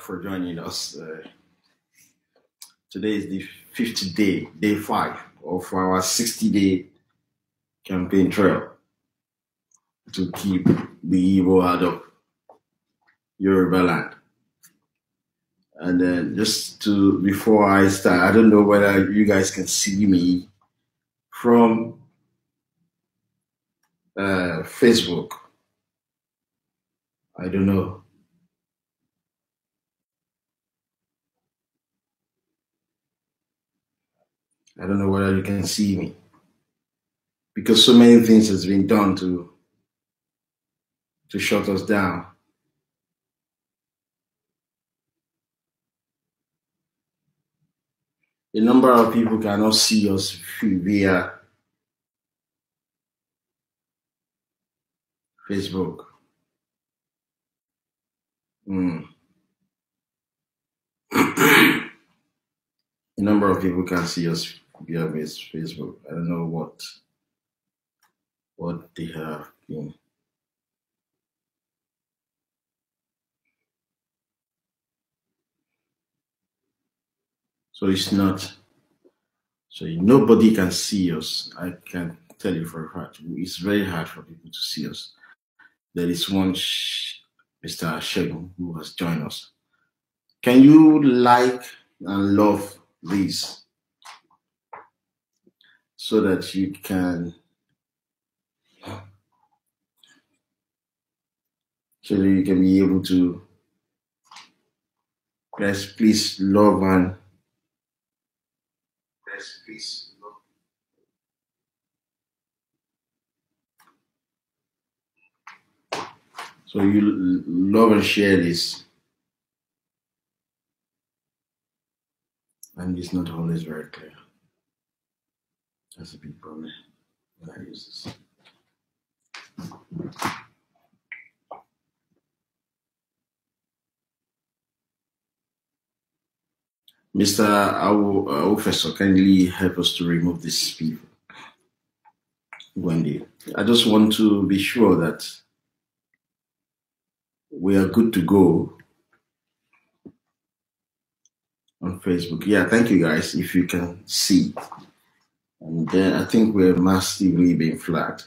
for joining us. Uh, today is the 50th day, day five of our 60 day campaign trail to keep the evil out of Yoruba land. And then just to, before I start, I don't know whether you guys can see me from uh, Facebook. I don't know. don't know whether you can see me because so many things has been done to to shut us down. A number of people cannot see us via Facebook. Mm. A number of people can see us yeah, Facebook. I don't know what what they have. You know. So it's not. So nobody can see us. I can tell you for a fact. It's very hard for people to see us. There is one Mr. Shegun who has joined us. Can you like and love these? so that you can so that you can be able to rest, please love and best please So you love and share this. And it's not always very clear. That's a big problem. I use this. Mr. Our officer, kindly help us to remove this people. Wendy, I just want to be sure that we are good to go on Facebook. Yeah, thank you guys. If you can see. And then I think we're massively being flagged.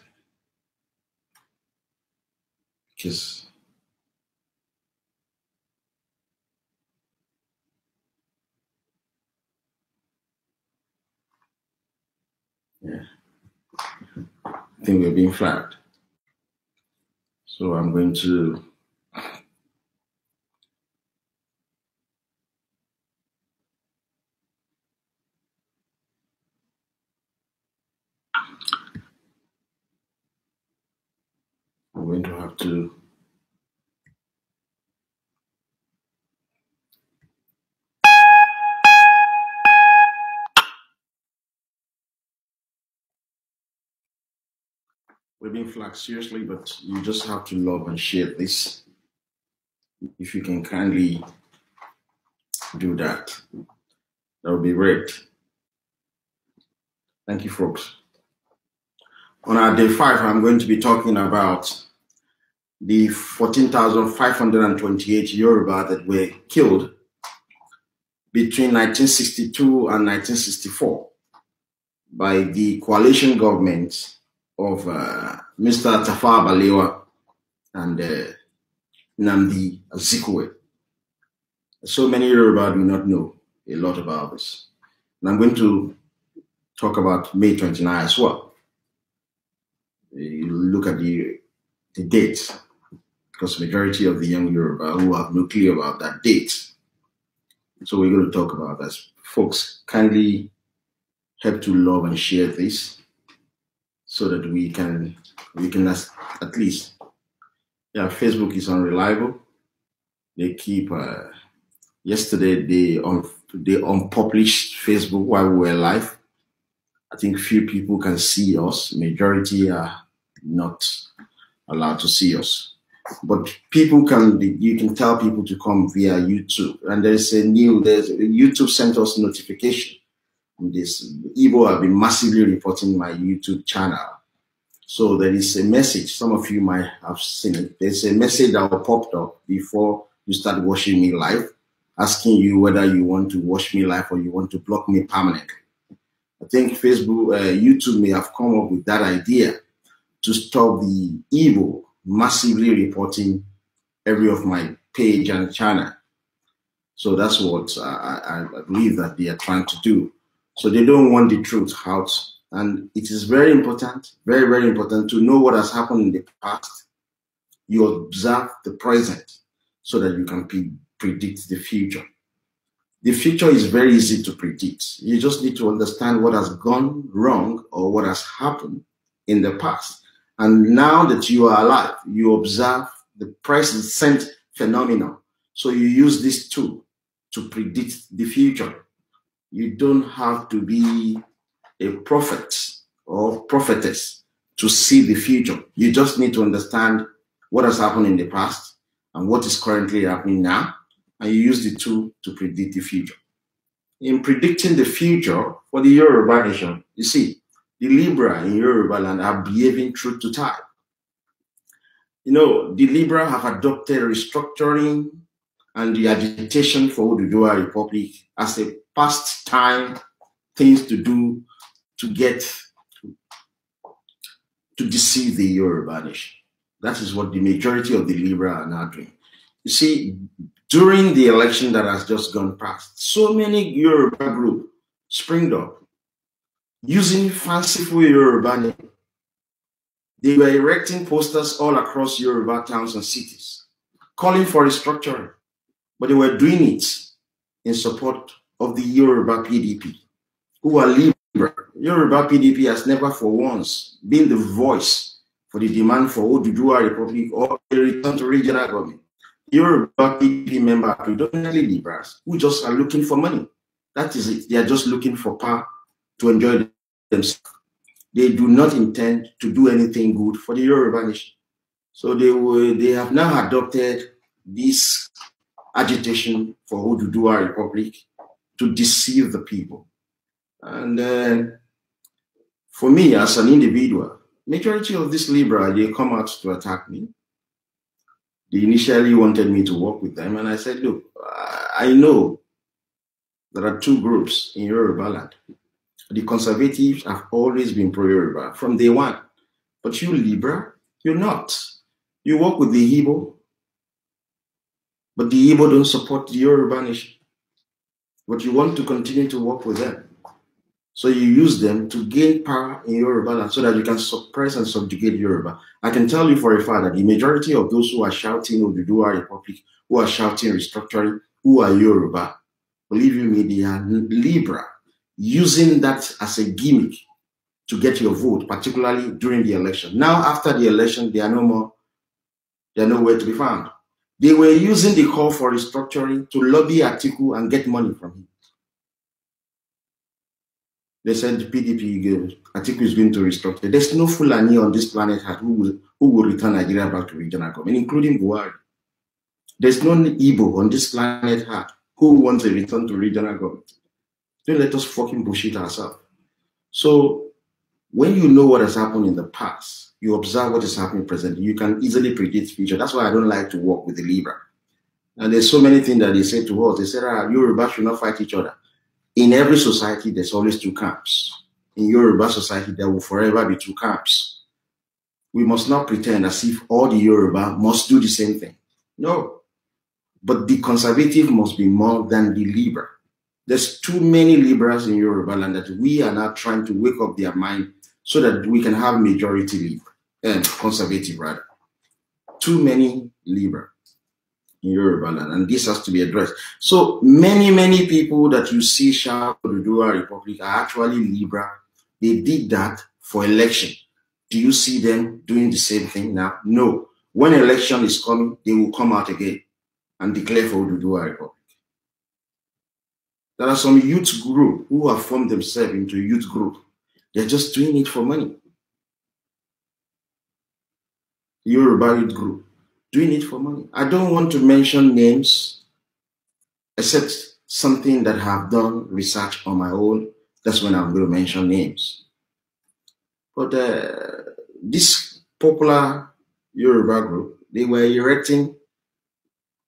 Because yeah, I think we're being flagged. So I'm going to I'm going to have to been flagged seriously, but you just have to love and share this. If you can kindly do that, that would be great. Thank you, folks. On our day five, I'm going to be talking about the 14,528 Yoruba that were killed between 1962 and 1964 by the coalition government of uh, Mr. Tafa Balewa and uh, Namdi Azikwe. So many Yoruba do not know a lot about this. And I'm going to talk about May 29 as well. You look at the, the because majority of the young Yoruba who have no clue about that date. So we're going to talk about this. Folks, kindly help to love and share this so that we can we can last, at least. Yeah, Facebook is unreliable. They keep. Uh, yesterday they un, they unpublished Facebook while we were live. I think few people can see us. Majority are not allowed to see us. But people can be, you can tell people to come via YouTube, and there's a new there's YouTube sent us notification. This i have been massively reporting my YouTube channel. So there is a message. Some of you might have seen it. There's a message that popped up before you start watching me live, asking you whether you want to watch me live or you want to block me permanently. I think Facebook, uh, YouTube may have come up with that idea to stop the evil massively reporting every of my page and channel. So that's what uh, I, I believe that they are trying to do. So they don't want the truth out. And it is very important, very, very important to know what has happened in the past. You observe the present so that you can pre predict the future. The future is very easy to predict. You just need to understand what has gone wrong or what has happened in the past and now that you are alive, you observe the present sent phenomenon. So you use this tool to predict the future. You don't have to be a prophet or prophetess to see the future. You just need to understand what has happened in the past and what is currently happening now, and you use the tool to predict the future. In predicting the future for the Yoruba nation, you see, the Libra in Yoruba land are behaving true to type. You know, the Libra have adopted restructuring and the agitation for the Oduduwa Republic as a pastime, things to do to get to deceive the Yoruba nation. That is what the majority of the Libra are now doing. You see, during the election that has just gone past, so many Yoruba group springed up using fanciful Yoruba names. They were erecting posters all across Yoruba towns and cities, calling for restructuring, but they were doing it in support of the Yoruba PDP, who are liberals. Yoruba PDP has never for once been the voice for the demand for Oduduwa Republic or a return to regional government. Yoruba PDP members are predominantly liberals who just are looking for money. That is it. They are just looking for power to enjoy themselves. They do not intend to do anything good for the Yoruba nation. So they will, they have now adopted this agitation for Oduduwa Republic to deceive the people. And uh, for me, as an individual, majority of these liberals, they come out to attack me. They initially wanted me to work with them, and I said, look, I know there are two groups in Yoruba land. The conservatives have always been pro-Yoruba from day one. But you Libra, you're not. You work with the Igbo, but the Igbo don't support the Yoruba nation. But you want to continue to work with them. So you use them to gain power in Yoruba land so that you can suppress and subjugate Yoruba. I can tell you for a fact that the majority of those who are shouting Oduduwa Republic, who are shouting restructuring, who are Yoruba, believe you me, they are Libra using that as a gimmick to get your vote, particularly during the election. Now, after the election, they are no more, they are nowhere to be found. They were using the call for restructuring to lobby Atiku and get money from him. They said the PDP Atiku is going to restructure. There's no Fulani on this planet who will, who will return Nigeria back to regional government, including Buhari. There's no Igbo on this planet who wants a return to regional government. Don't let us fucking bullshit ourselves. So when you know what has happened in the past, you observe what is happening presently. You can easily predict future. That's why I don't like to work with the Libra. And there's so many things that they say to us. They said, ah, Yoruba should not fight each other. In every society, there's always two camps. In Yoruba society, there will forever be two camps. We must not pretend as if all the Yoruba must do the same thing. No. But the conservative must be more than the Libra. There's too many liberals in Yoruba land that we are not trying to wake up their mind so that we can have majority and eh, conservative rather. Too many liberal in Yoruba land, and this has to be addressed. So many, many people that you see shout for the Dua Republic are actually liberal. They did that for election. Do you see them doing the same thing now? No. When election is coming, they will come out again and declare for Ududua Republic. There are some youth group who have formed themselves into youth group. They're just doing it for money. Yoruba youth group, doing it for money. I don't want to mention names, except something that I've done research on my own. That's when I'm going to mention names. But uh, this popular Yoruba group, they were erecting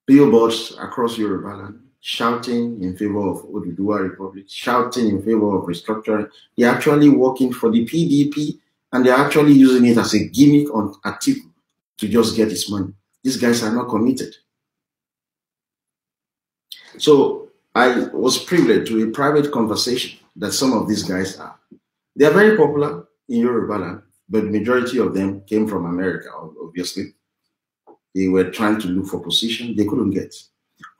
billboards across Yoruba land shouting in favor of Oduduwa Republic, shouting in favor of restructuring. They're actually working for the PDP and they're actually using it as a gimmick on active to just get his money. These guys are not committed. So I was privileged to a private conversation that some of these guys are. They are very popular in Yoruba but majority of them came from America, obviously. They were trying to look for position they couldn't get.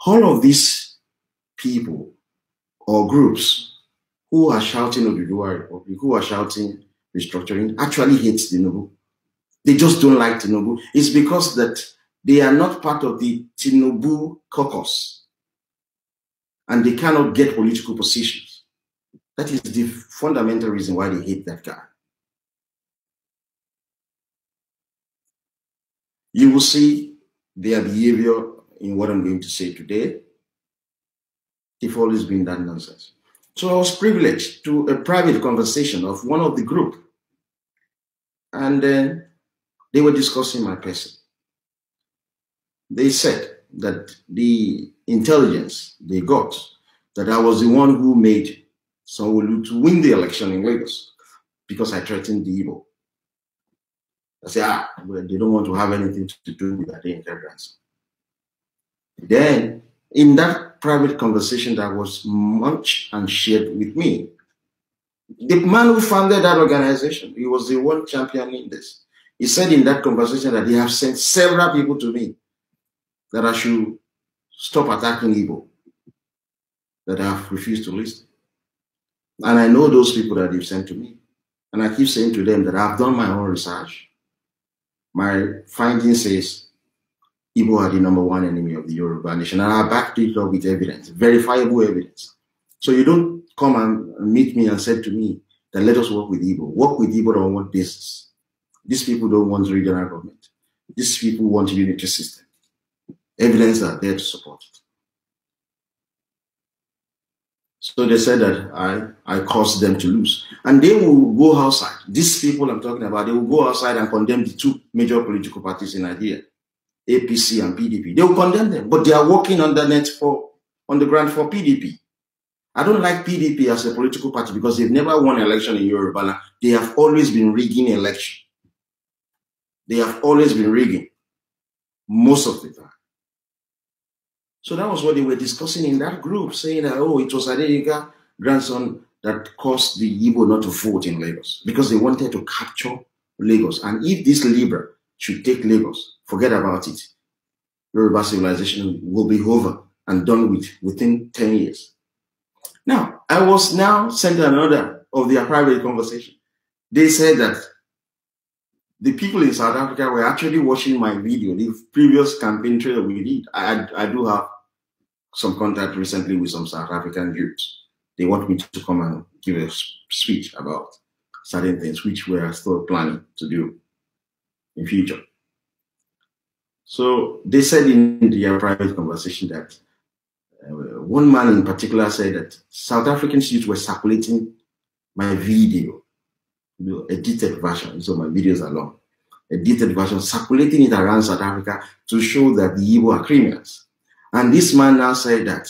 All of this people or groups who are shouting Oduduwa or who are shouting restructuring, actually hate Tinubu. They just don't like Tinubu. It's because that they are not part of the Tinubu caucus and they cannot get political positions. That is the fundamental reason why they hate that guy. You will see their behavior in what I'm going to say today if all is being done nonsense. So I was privileged to a private conversation of one of the group. And then they were discussing my person. They said that the intelligence they got that I was the one who made sanwo to win the election in Lagos because I threatened the evil. I said, ah, well, they don't want to have anything to do with that the Then, in that private conversation that was much and shared with me. The man who founded that organization, he was the world champion in this. He said in that conversation that he has sent several people to me that I should stop attacking Igbo that I have refused to listen. And I know those people that you've sent to me. And I keep saying to them that I've done my own research. My finding says Ibo are the number one enemy of the Yoruba nation. And I backed it up with evidence, verifiable evidence. So you don't come and meet me and said to me that let us work with Ibo. Work with do on want basis? These people don't want regional government. These people want unity system. Evidence are there to support it. So they said that I, I caused them to lose. And they will go outside. These people I'm talking about, they will go outside and condemn the two major political parties in Nigeria APC and PDP. They will condemn them, but they are working on the net for on the ground for PDP. I don't like PDP as a political party because they've never won election in Yoruba. They have always been rigging election. They have always been rigging most of the time. So that was what they were discussing in that group, saying that, oh, it was Adeyinka grandson that caused the Igbo not to vote in Lagos because they wanted to capture Lagos. And if this Libra should take Lagos. Forget about it. Yoruba civilization will be over and done with within 10 years. Now, I was now sent another of their private conversation. They said that the people in South Africa were actually watching my video, the previous campaign trailer we did. I, I do have some contact recently with some South African youths. They want me to come and give a speech about certain things, which we are still planning to do in future. So they said in their private conversation that uh, one man in particular said that South African youth were circulating my video, you know, edited version. So my videos are long, edited version, circulating it around South Africa to show that the Igbo are criminals. And this man now said that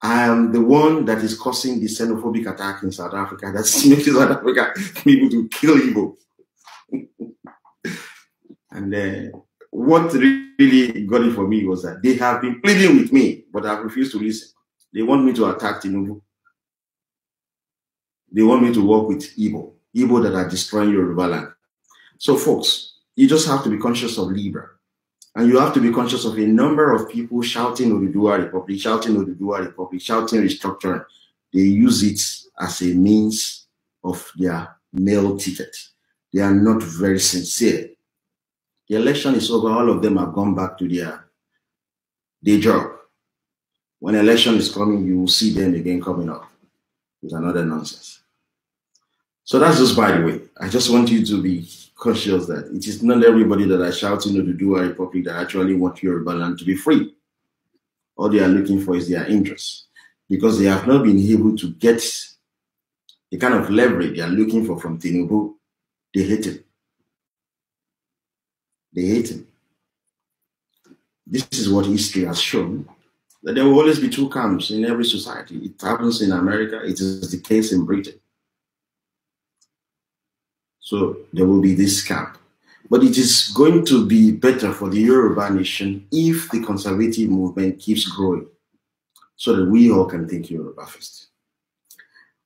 I am the one that is causing the xenophobic attack in South Africa that's making South Africa people to kill Igbo. and what really got it for me was that they have been pleading with me, but I've refused to listen. They want me to attack Tinubu. They want me to work with Igbo, Igbo that are destroying your land. So, folks, you just have to be conscious of Libra. And you have to be conscious of a number of people shouting the Dual Republic, shouting the Dual Republic, shouting restructuring. They use it as a means of their mail ticket. They are not very sincere. The election is over. All of them have gone back to their day job. When election is coming, you will see them again coming up with another nonsense. So that's just by the way. I just want you to be cautious that it is not everybody that are shouting to the Dua Republic that actually want your land to be free. All they are looking for is their interest because they have not been able to get the kind of leverage they are looking for from Tinubu they hate him. They hate him. This is what history has shown that there will always be two camps in every society. It happens in America, it is the case in Britain. So there will be this camp. But it is going to be better for the Yoruba nation if the conservative movement keeps growing so that we all can think Yoruba first.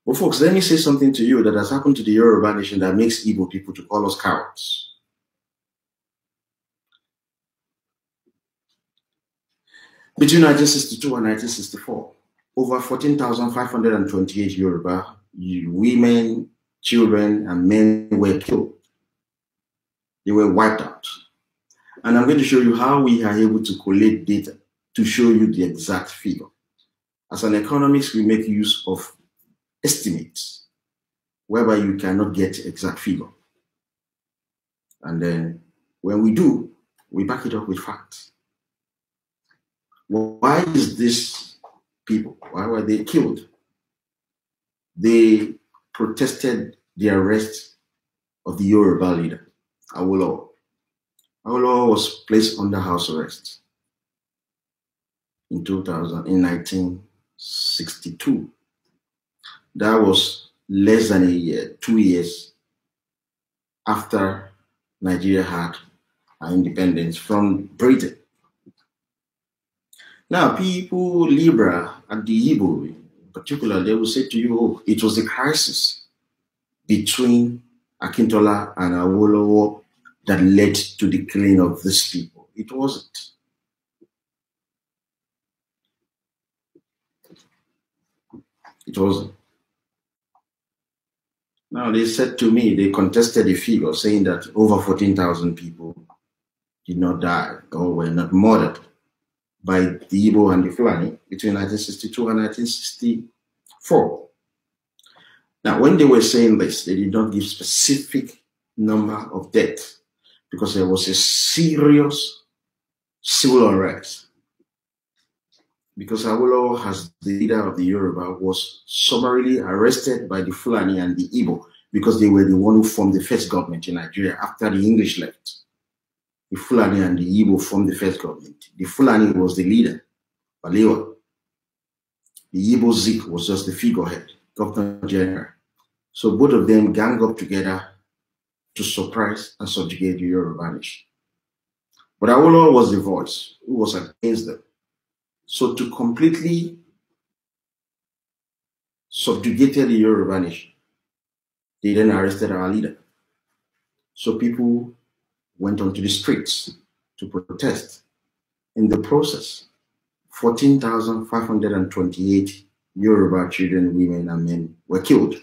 Well, folks, let me say something to you that has happened to the Yoruba nation that makes Igbo people to call us cowards. Between 1962 and 1964, over 14,528 Yoruba women, children, and men were killed. They were wiped out. And I'm going to show you how we are able to collect data to show you the exact figure. As an economist, we make use of estimate, whereby you cannot get exact figure. And then when we do, we back it up with facts. Why is this people? Why were they killed? They protested the arrest of the Yoruba leader, Awolowo. Awolowo was placed under house arrest in 2000, in 1962. That was less than a year, two years after Nigeria had independence from Britain. Now, people, Libra, and the Igbo in particular, they will say to you, oh, it was a crisis between Akintola and Awolowo that led to the killing of these people. It wasn't. It wasn't. Now, they said to me, they contested the figure, saying that over 14,000 people did not die or were not murdered by the Igbo and the Fulani between 1962 and 1964. Now, when they were saying this, they did not give specific number of deaths because there was a serious civil unrest because Awolowo, as the leader of the Yoruba, was summarily arrested by the Fulani and the Igbo because they were the one who formed the first government in Nigeria after the English left. The Fulani and the Igbo formed the first government. The Fulani was the leader, Balewa. The Igbo Zik was just the figurehead, Governor General. So both of them gang up together to surprise and subjugate the Yoruba nation. But Awolowo was the voice who was against them. So to completely subjugated the Yoruba nation, they then arrested our leader. So people went onto the streets to protest. In the process, 14,528 Yoruba children, women, and men were killed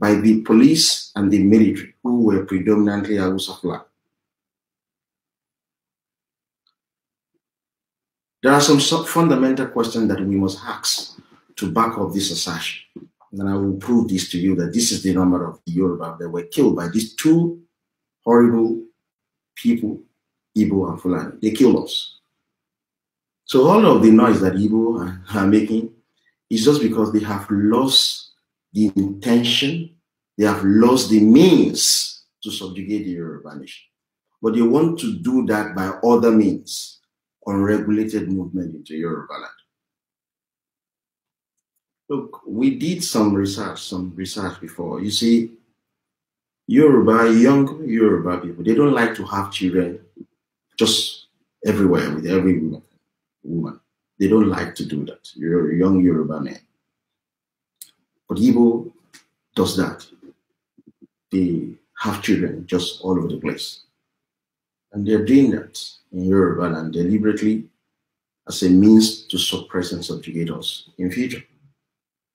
by the police and the military, who were predominantly Hausa flag. There are some fundamental questions that we must ask to back up this assertion. And I will prove this to you that this is the number of the Yoruba that were killed by these two horrible people, Igbo and Fulani. They killed us. So all of the noise that Igbo are making is just because they have lost the intention, they have lost the means to subjugate the Yoruba nation. But they want to do that by other means unregulated movement into Yoruba land. Look, we did some research, some research before. You see, Yoruba, young Yoruba people, they don't like to have children just everywhere with every woman. They don't like to do that. You're a young Yoruba man. But Igbo does that. They have children just all over the place. And they're doing that in Yoruba and deliberately as a means to suppress and subjugate us in future,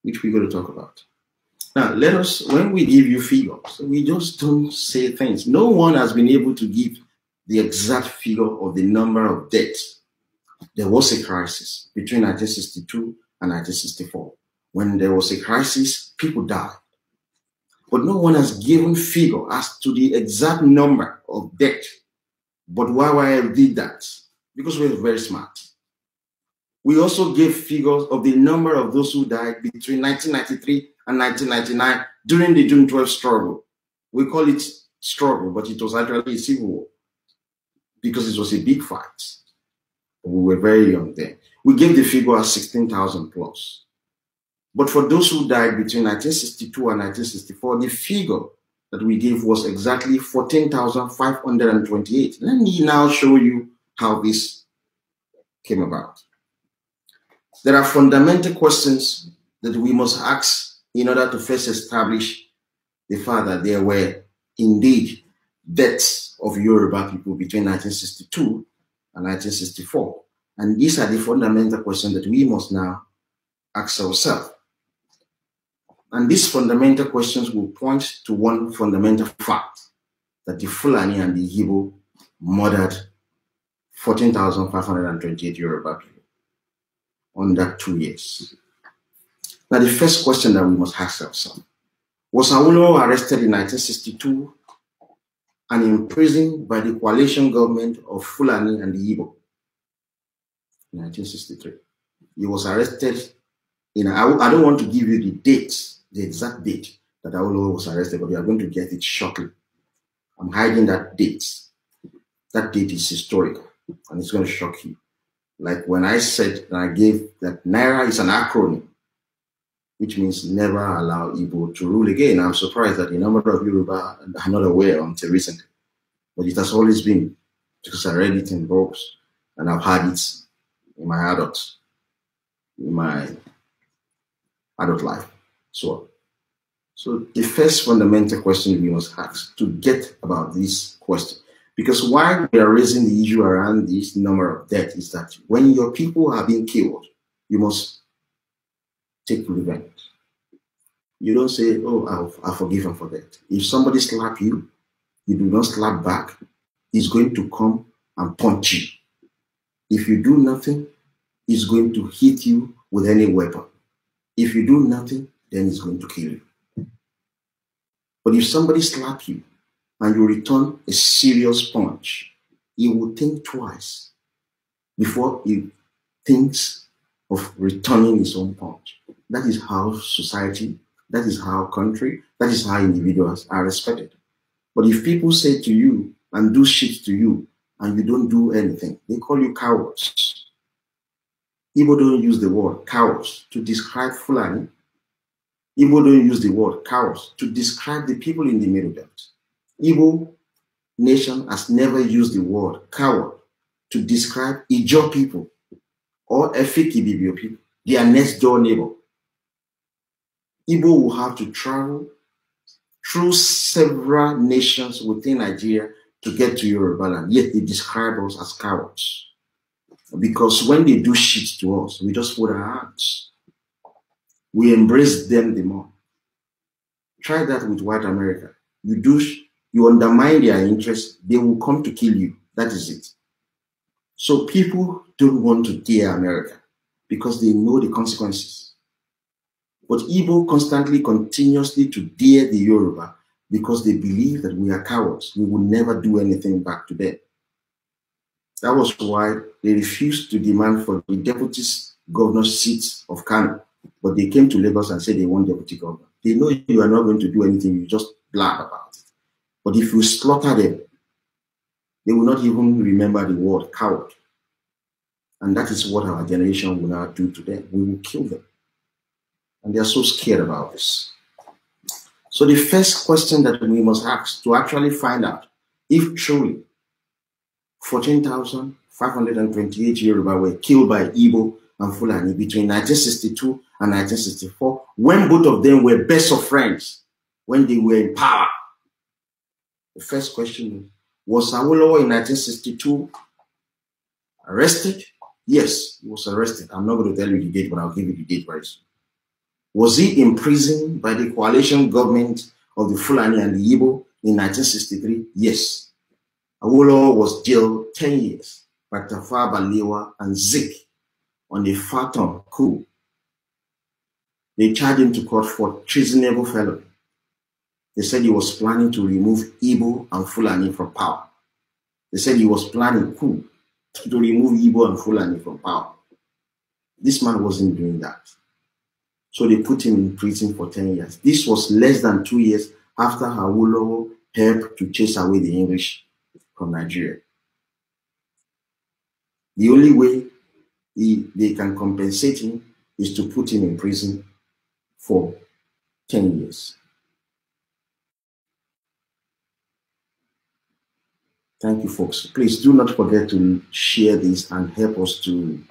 which we're going to talk about. Now, let us, when we give you figures, we just don't say things. No one has been able to give the exact figure of the number of deaths. There was a crisis between 1962 and 1964. When there was a crisis, people died. But no one has given figure as to the exact number of deaths but YYM did that because we are very smart. We also gave figures of the number of those who died between 1993 and 1999 during the June 12 struggle. We call it struggle, but it was actually a civil war because it was a big fight. We were very young then. We gave the figure as 16,000 plus. But for those who died between 1962 and 1964, the figure that we gave was exactly 14,528. Let me now show you how this came about. There are fundamental questions that we must ask in order to first establish the fact that there were indeed deaths of Yoruba people between 1962 and 1964. And these are the fundamental questions that we must now ask ourselves. And these fundamental questions will point to one fundamental fact that the Fulani and the Igbo murdered 14,528 Yoruba people under two years. Now, the first question that we must ask ourselves was Awolo arrested in 1962 and imprisoned by the coalition government of Fulani and the Igbo in 1963. He was arrested in, I, I don't want to give you the dates the exact date that Aolo was arrested, but you are going to get it shortly. I'm hiding that date. That date is historic and it's going to shock you. Like when I said and I gave that Naira is an acronym, which means never allow Igbo to rule again. I'm surprised that a number of Yoruba are not aware until recently, but it has always been because I read it in books and I've had it in my adult, in my adult life. So, so the first fundamental question we must ask to get about this question, because why we are raising the issue around this number of death is that when your people are being killed, you must take revenge. You don't say, "Oh, I'll, I'll forgive and forget." If somebody slap you, you do not slap back. He's going to come and punch you. If you do nothing, he's going to hit you with any weapon. If you do nothing, then he's going to kill you. But if somebody slap you and you return a serious punch, he will think twice before he thinks of returning his own punch. That is how society, that is how country, that is how individuals are respected. But if people say to you and do shit to you and you don't do anything, they call you cowards. People don't use the word cowards to describe Fulani Igbo don't use the word "coward" to describe the people in the Middle Belt. Igbo nation has never used the word coward to describe Ijo people or Efikibibio people, their next door neighbor. Igbo will have to travel through several nations within Nigeria to get to Yoruba land, yet they describe us as cowards. Because when they do shit to us, we just put our hands we embrace them the more. Try that with white America. You do, you undermine their interests, they will come to kill you. That is it. So people don't want to dare America because they know the consequences. But Igbo constantly, continuously to dare the Yoruba because they believe that we are cowards. We will never do anything back to them. That was why they refused to demand for the deputy governor's seat of Canada. But they came to Lagos and said they want deputy governor. They know you are not going to do anything, you just blab about it. But if you slaughter them, they will not even remember the word coward. And that is what our generation will now do to them. We will kill them. And they are so scared about this. So the first question that we must ask to actually find out if truly 14,528 Yoruba were killed by Igbo and Fulani between 1962 and 1964, when both of them were best of friends, when they were in power. The first question was Awolowo in 1962 arrested? Yes, he was arrested. I'm not going to tell you the date, but I'll give you the date very soon. Was he imprisoned by the coalition government of the Fulani and the Igbo in 1963? Yes. Awolowo was jailed 10 years. Dr. Fabalewa and Zik on a phantom coup. They charged him to court for treasonable felony. They said he was planning to remove Igbo and Fulani from power. They said he was planning coup to remove Igbo and Fulani from power. This man wasn't doing that. So they put him in prison for 10 years. This was less than two years after Hawulo helped to chase away the English from Nigeria. The only way he, they can compensate him is to put him in prison for 10 years. Thank you, folks. Please do not forget to share this and help us to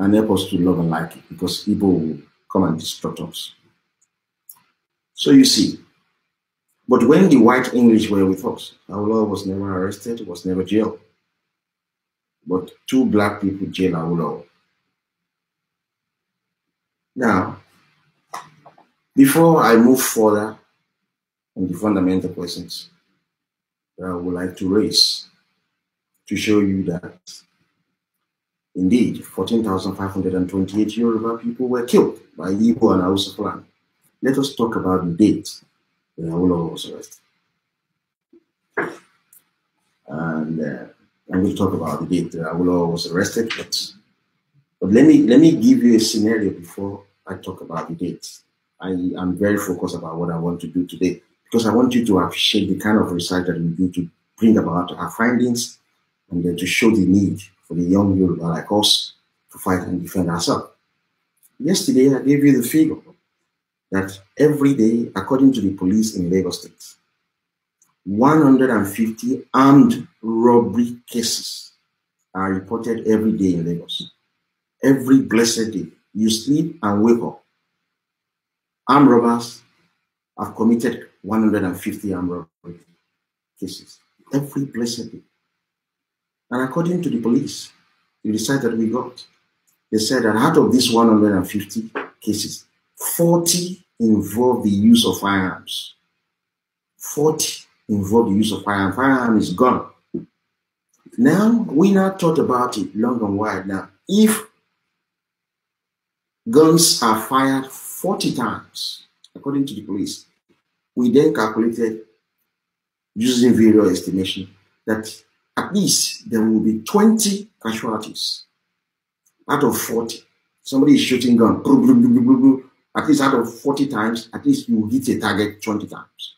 and help us to love and like it because evil will come and destruct us. So you see, but when the white English were with us, our Lord was never arrested, was never jailed but two black people jail Awolowo. Now, before I move further on the fundamental questions that I would like to raise to show you that indeed 14,528 Yoruba people were killed by Igbo and Hausa clan. Let us talk about the date when Awolowo was arrested. And uh, I will talk about it later. Awolowo was arrested, but but let me let me give you a scenario before I talk about the date. I am very focused about what I want to do today because I want you to appreciate the kind of research that we do to bring about our findings and then to show the need for the young Yoruba like us to fight and defend ourselves. Yesterday, I gave you the figure that every day, according to the police in Lagos State, 150 armed robbery cases are reported every day in Lagos. Every blessed day, you sleep and wake up. Armed robbers have committed 150 armed robbery cases every blessed day. And according to the police, the decide that we got, they said that out of these 150 cases, 40 involve the use of firearms. 40 involve the use of firearm. Firearm is gone. Now, we now thought about it long and wide now. If guns are fired 40 times, according to the police, we then calculated using various estimation that at least there will be 20 casualties out of 40. Somebody is shooting gun, at least out of 40 times, at least you hit a target 20 times.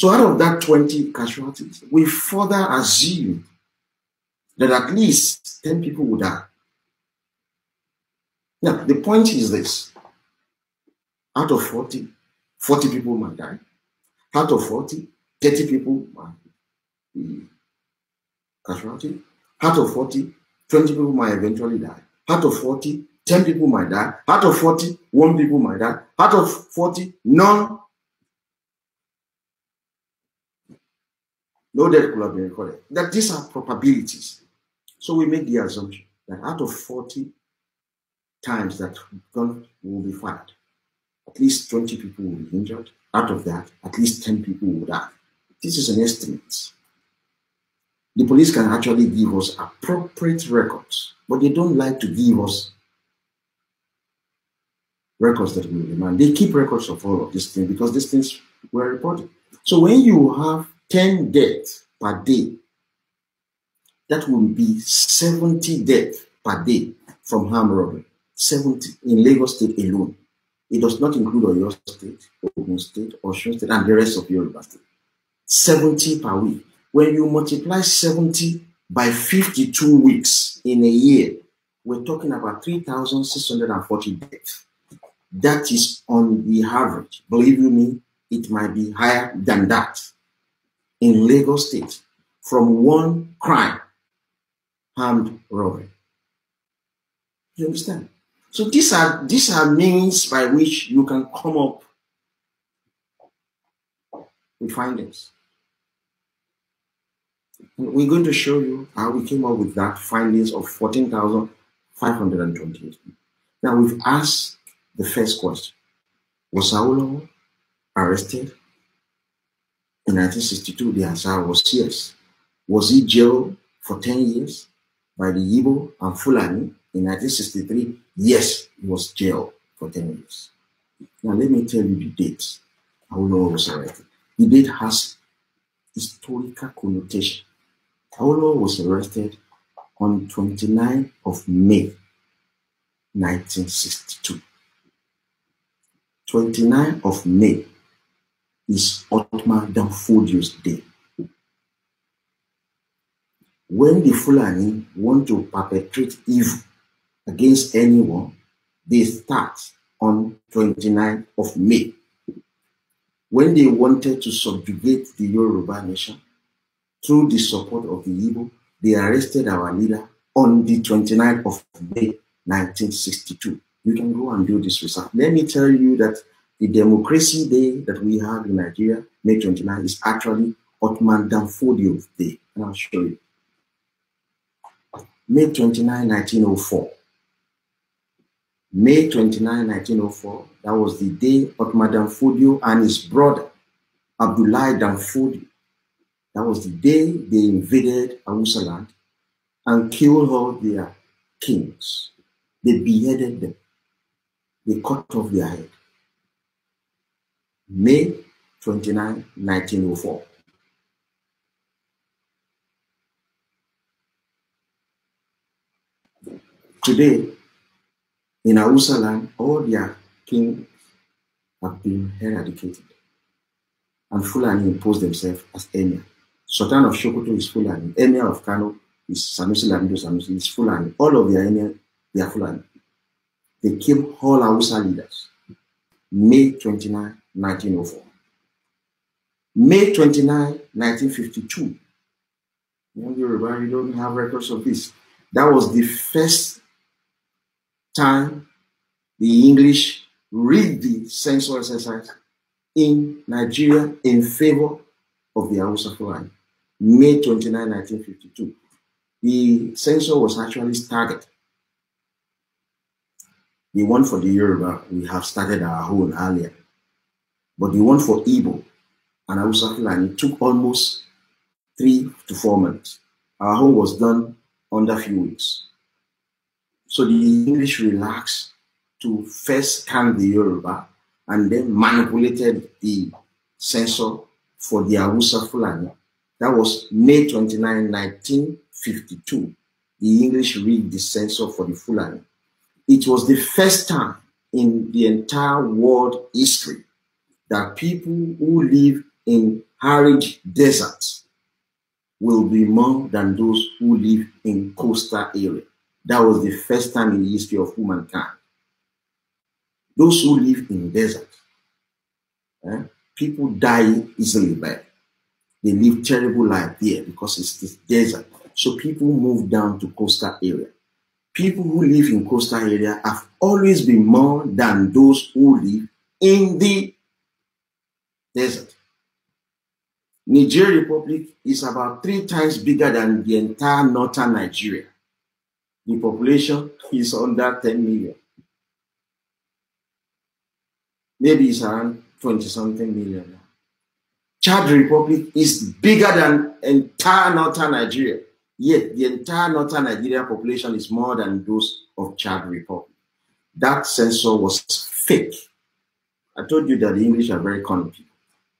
So out of that 20 casualties, we further assume that at least 10 people would die. Now, the point is this. Out of 40, 40 people might die. Out of 40, 30 people might be casualty. Out of 40, 20 people might eventually die. Out of 40, 10 people might die. Out of 40, one people might die. Out of 40, none No death could have been recorded. That these are probabilities. So we make the assumption that out of 40 times that gun will be fired, at least 20 people will be injured. Out of that, at least 10 people will die. This is an estimate. The police can actually give us appropriate records, but they don't like to give us records that we demand. They keep records of all of these things because these things were reported. So when you have 10 deaths per day, that will be 70 deaths per day from harm robbery. 70 in Lagos State alone. It does not include Oyo State, Ogun State, Osun State, and the rest of Yoruba State. 70 per week. When you multiply 70 by 52 weeks in a year, we're talking about 3,640 deaths. That is on the average. Believe you me, it might be higher than that in Lagos State from one crime, armed robbery. You understand? So these are these are means by which you can come up with findings. And we're going to show you how we came up with that findings of 14,528. Now we've asked the first question. Was Saulo arrested? in 1962, the answer was yes. Was he jailed for 10 years by the Igbo and Fulani in 1963? Yes, he was jailed for 10 years. Now, let me tell you the date. I Aolo was arrested. The date has historical connotation. Aolo was arrested on 29 of May 1962. 29 of May is Otman Danfodio's day. When the Fulani want to perpetrate evil against anyone, they start on 29th of May. When they wanted to subjugate the Yoruba nation, through the support of the Igbo, they arrested our leader on the 29th of May 1962. You can go and do this research. Let me tell you that the Democracy Day that we have in Nigeria, May 29, is actually Ottoman Danfodio Day. And I'll show you. May 29, 1904. May 29, 1904, that was the day Ottoman Danfodio and his brother, Abdullah Danfodio, that was the day they invaded Awusa and killed all their kings. They beheaded them. They cut off their head. May 29, 1904. Today, in Hausa land, all their kings have been eradicated, and Fulani imposed themselves as emir. Sultan of Shokoto is Fulani, emir of Kano is Sanusi Lamido Sanusi is Fulani. All of their emir, they are Fulani. They killed all Hausa leaders. May 29, 1904. May 29, 1952. You don't have records of this. That was the first time the English read the censor exercise in Nigeria in favor of the Hausa Fulani, May 29, 1952. The censor was actually started. The one for the Yoruba, we have started our own earlier. But the one for Igbo and Hausa Fulani took almost three to four months. Our home was done under a few weeks. So the English relaxed to first scan the Yoruba and then manipulated the censor for the Hausa Fulani. That was May 29, 1952. The English read the censor for the Fulani. It was the first time in the entire world history that people who live in arid deserts will be more than those who live in coastal area. That was the first time in the history of humankind. Those who live in desert, eh, people die easily there. They live terrible life there because it's this desert. So people move down to coastal area. People who live in coastal area have always been more than those who live in the desert. Niger Republic is about three times bigger than the entire northern Nigeria. The population is under 10 million. Maybe it's around 20 something million now. Chad Republic is bigger than entire northern Nigeria. Yet the entire northern Nigeria population is more than those of Chad Republic. That censor was fake. I told you that the English are very cunning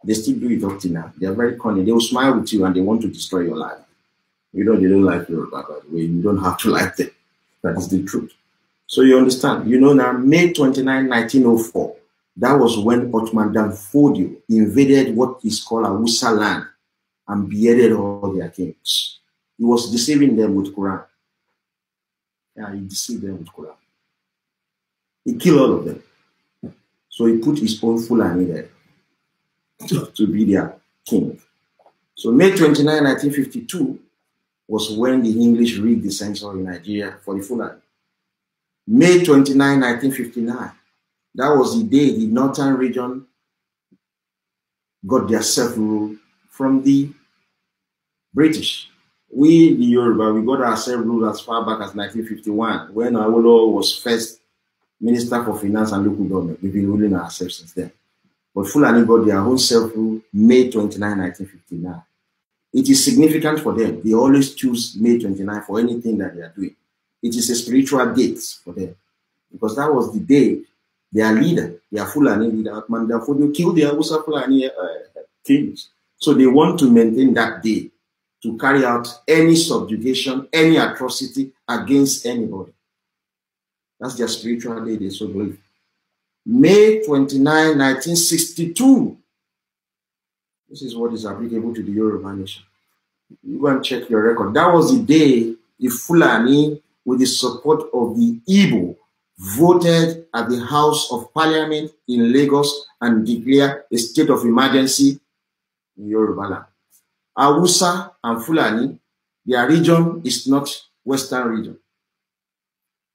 they still do it up to now. They are very cunning. They will smile with you and they want to destroy your life. You know, they don't like you, by the way. You don't have to like them. That is the truth. So you understand. You know, now, May 29, 1904, that was when Ottoman Danfodio invaded what is called Awusa land and beheaded all their kings. He was deceiving them with Quran. Yeah, he deceived them with Quran. He killed all of them. So he put his own Fulani there to be their king. So May 29, 1952 was when the English rigged the census in Nigeria for the Fulani. May 29, 1959, that was the day the northern region got their self-rule from the British. We, the Yoruba, we got our self-rule as far back as 1951, when Awolowo was first Minister for Finance and Local Government. We've been ruling ourselves since then. But Fulani got their own self-rule May 29, 1959. It is significant for them. They always choose May 29 for anything that they are doing. It is a spiritual date for them. Because that was the day their leader, their Fulani leader, Mandela Fodio, killed the Abusa Fulani uh, kings. So they want to maintain that day to carry out any subjugation, any atrocity against anybody. That's their spiritual day they so believe. May 29, 1962. This is what is applicable to the Yoruba nation. You go and check your record. That was the day the Fulani, with the support of the Igbo, voted at the House of Parliament in Lagos and declared a state of emergency in Yoruba Awusa and Fulani, their region is not Western region.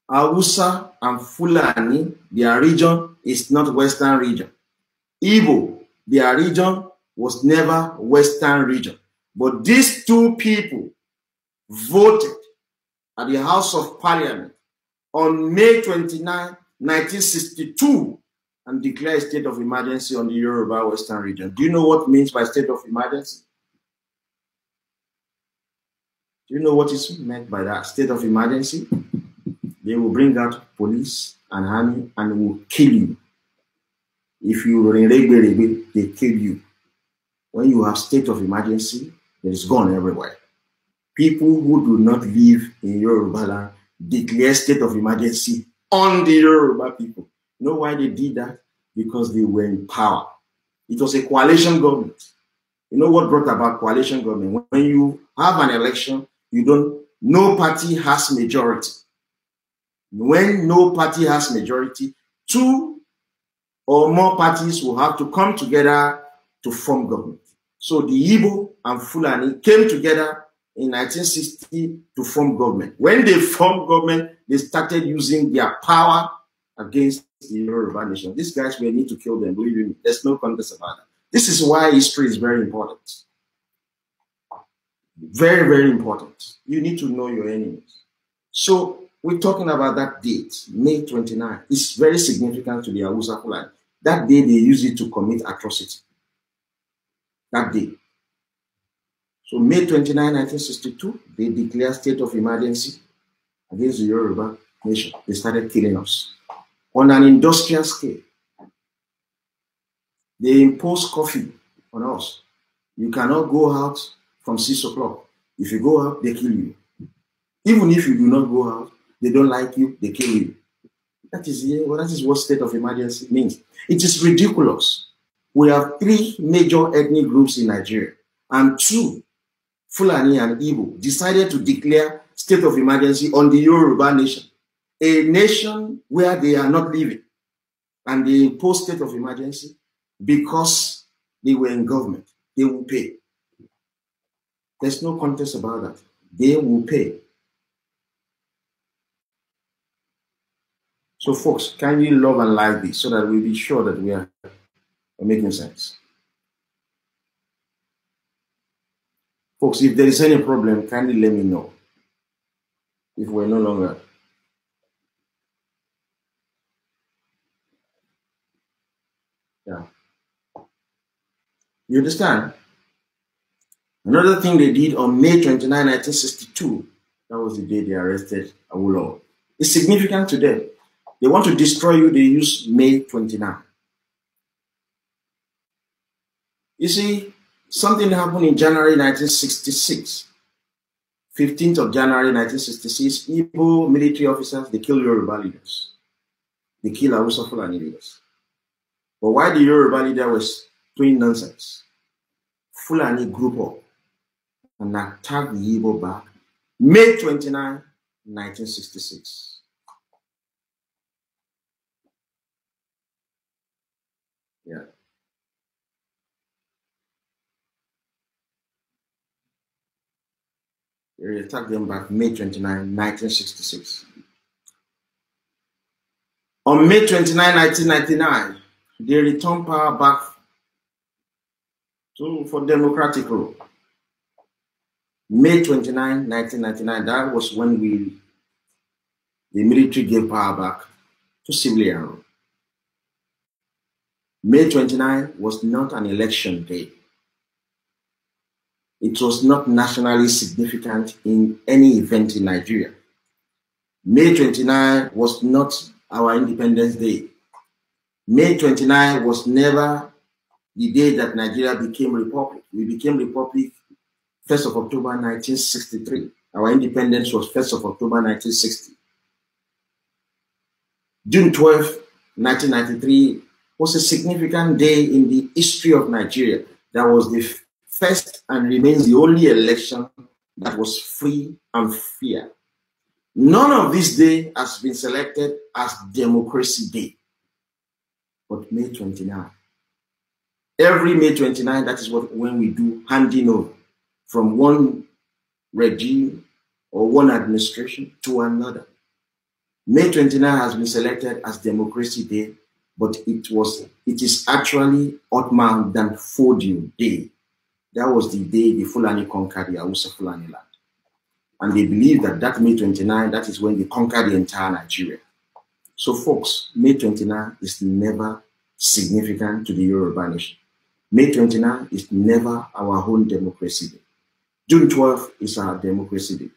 Hausa and Fulani, their region is not Western region. Igbo, their region was never Western region. But these two people voted at the House of Parliament on May 29, 1962, and declared a state of emergency on the Yoruba Western region. Do you know what means by state of emergency? Do you know what is meant by that? State of emergency? They will bring out police and army and will kill you. If you renegade, they kill you. When you have state of emergency, it is gone everywhere. People who do not live in Yoruba land declare state of emergency on the Yoruba people. You know why they did that? Because they were in power. It was a coalition government. You know what brought about coalition government? When you have an election, you don't, no party has majority when no party has majority, two or more parties will have to come together to form government. So the Igbo and Fulani came together in 1960 to form government. When they formed government, they started using their power against the Yoruba nation. These guys, we need to kill them, believe me. There's no contest about that. This is why history is very important. Very, very important. You need to know your enemies. So we're talking about that date, May 29. It's very significant to the Hausa Fulani. That day they use it to commit atrocity. That day. So May 29, 1962, they declare state of emergency against the Yoruba nation. They started killing us on an industrial scale. They impose coffee on us. You cannot go out from 6 o'clock. If you go out, they kill you. Even if you do not go out, they don't like you, they kill you. That is, well, that is what state of emergency means. It is ridiculous. We have three major ethnic groups in Nigeria, and two, Fulani and Igbo, decided to declare state of emergency on the Yoruba nation, a nation where they are not living. And they imposed state of emergency because they were in government. They will pay. There's no contest about that. They will pay. So, folks, can you love and like this so that we be sure that we are making sense? Folks, if there is any problem, kindly let me know. If we're no longer Yeah. You understand? Another thing they did on May 29, 1962, that was the day they arrested Awolowo, is significant today. They want to destroy you, they use May 29. You see, something happened in January 1966. 15th of January 1966, Igbo military officers, they kill Yoruba leaders. They kill Awusa Fulani leaders. But why the Yoruba leader was doing nonsense? Fulani group up and attacked the Igbo back May 29, 1966. They attacked them back May 29, 1966. On May 29, 1999, they returned power back to, for democratic rule. May 29, 1999, that was when we, the military gave power back to civilian rule. May 29 was not an election day it was not nationally significant in any event in Nigeria. May 29 was not our Independence Day. May 29 was never the day that Nigeria became republic. We became republic 1st of October 1963. Our independence was 1st of October 1960. June 12, 1993 was a significant day in the history of Nigeria. That was the first and remains the only election that was free and fair. None of this day has been selected as Democracy Day, but May 29. Every May 29, that is what when we do handing over from one regime or one administration to another. May 29 has been selected as Democracy Day, but it was it is actually Otman Danfodio Day that was the day the Fulani conquered the Hausa Fulani land. And they believe that that May 29, that is when they conquered the entire Nigeria. So folks, May 29 is never significant to the Yoruba nation. May 29 is never our own democracy day. June 12 is our democracy day.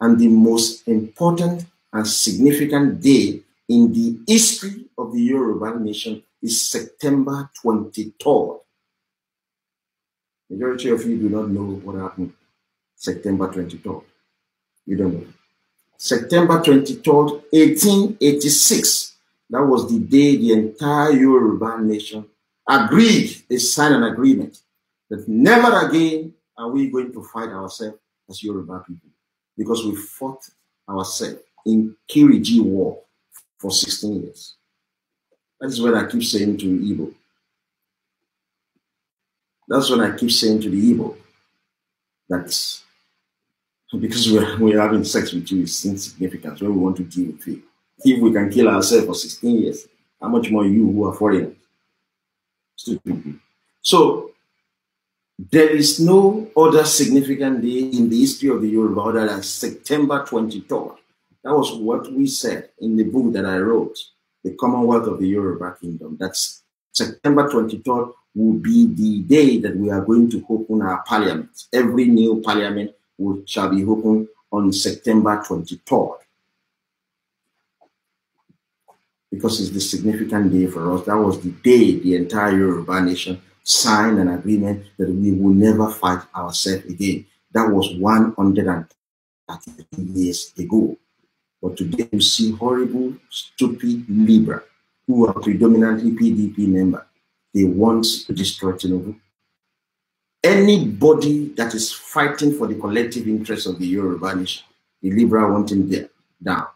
And the most important and significant day in the history of the Yoruba nation is September 23rd. Majority of you do not know what happened September 23rd. You don't know. September 23rd, 1886. That was the day the entire Yoruba nation agreed, they signed an agreement that never again are we going to fight ourselves as Yoruba people because we fought ourselves in Kiriji War for 16 years. That is what I keep saying to Igbo. That's what I keep saying to the evil, That because we're, we're having sex with you is insignificant What we want to deal with it. If we can kill ourselves for 16 years, how much more you who are foreigners? Stupid. So there is no other significant day in the history of the Yoruba other than September 23rd. That was what we said in the book that I wrote, The Commonwealth of the Yoruba Kingdom. That's September 23rd will be the day that we are going to open our parliament. Every new parliament will, shall be opened on September 23rd. Because it's the significant day for us. That was the day the entire Yoruba nation signed an agreement that we will never fight ourselves again. That was 130 years ago. But today we see horrible, stupid Libra, who are predominantly PDP members, they want to destroy Tinubu. Anybody that is fighting for the collective interests of the Yoruba nation, the liberal wanting him there, down.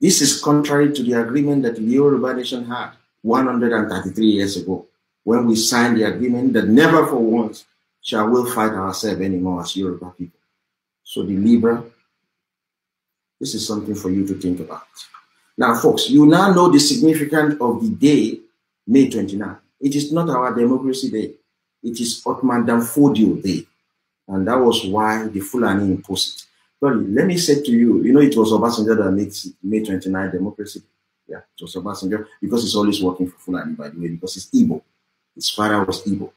This is contrary to the agreement that the Yoruba nation had 133 years ago when we signed the agreement that never for once shall we fight ourselves anymore as Yoruba people. So the Libra, this is something for you to think about. Now, folks, you now know the significance of the day May 29. It is not our democracy day. It is Ottoman Danfodio day. And that was why the Fulani imposed it. But let me say to you, you know, it was Obasanjo that made May 29 democracy Yeah, it was Obasanjo because he's always working for Fulani, by the way, because it's evil. His father was evil.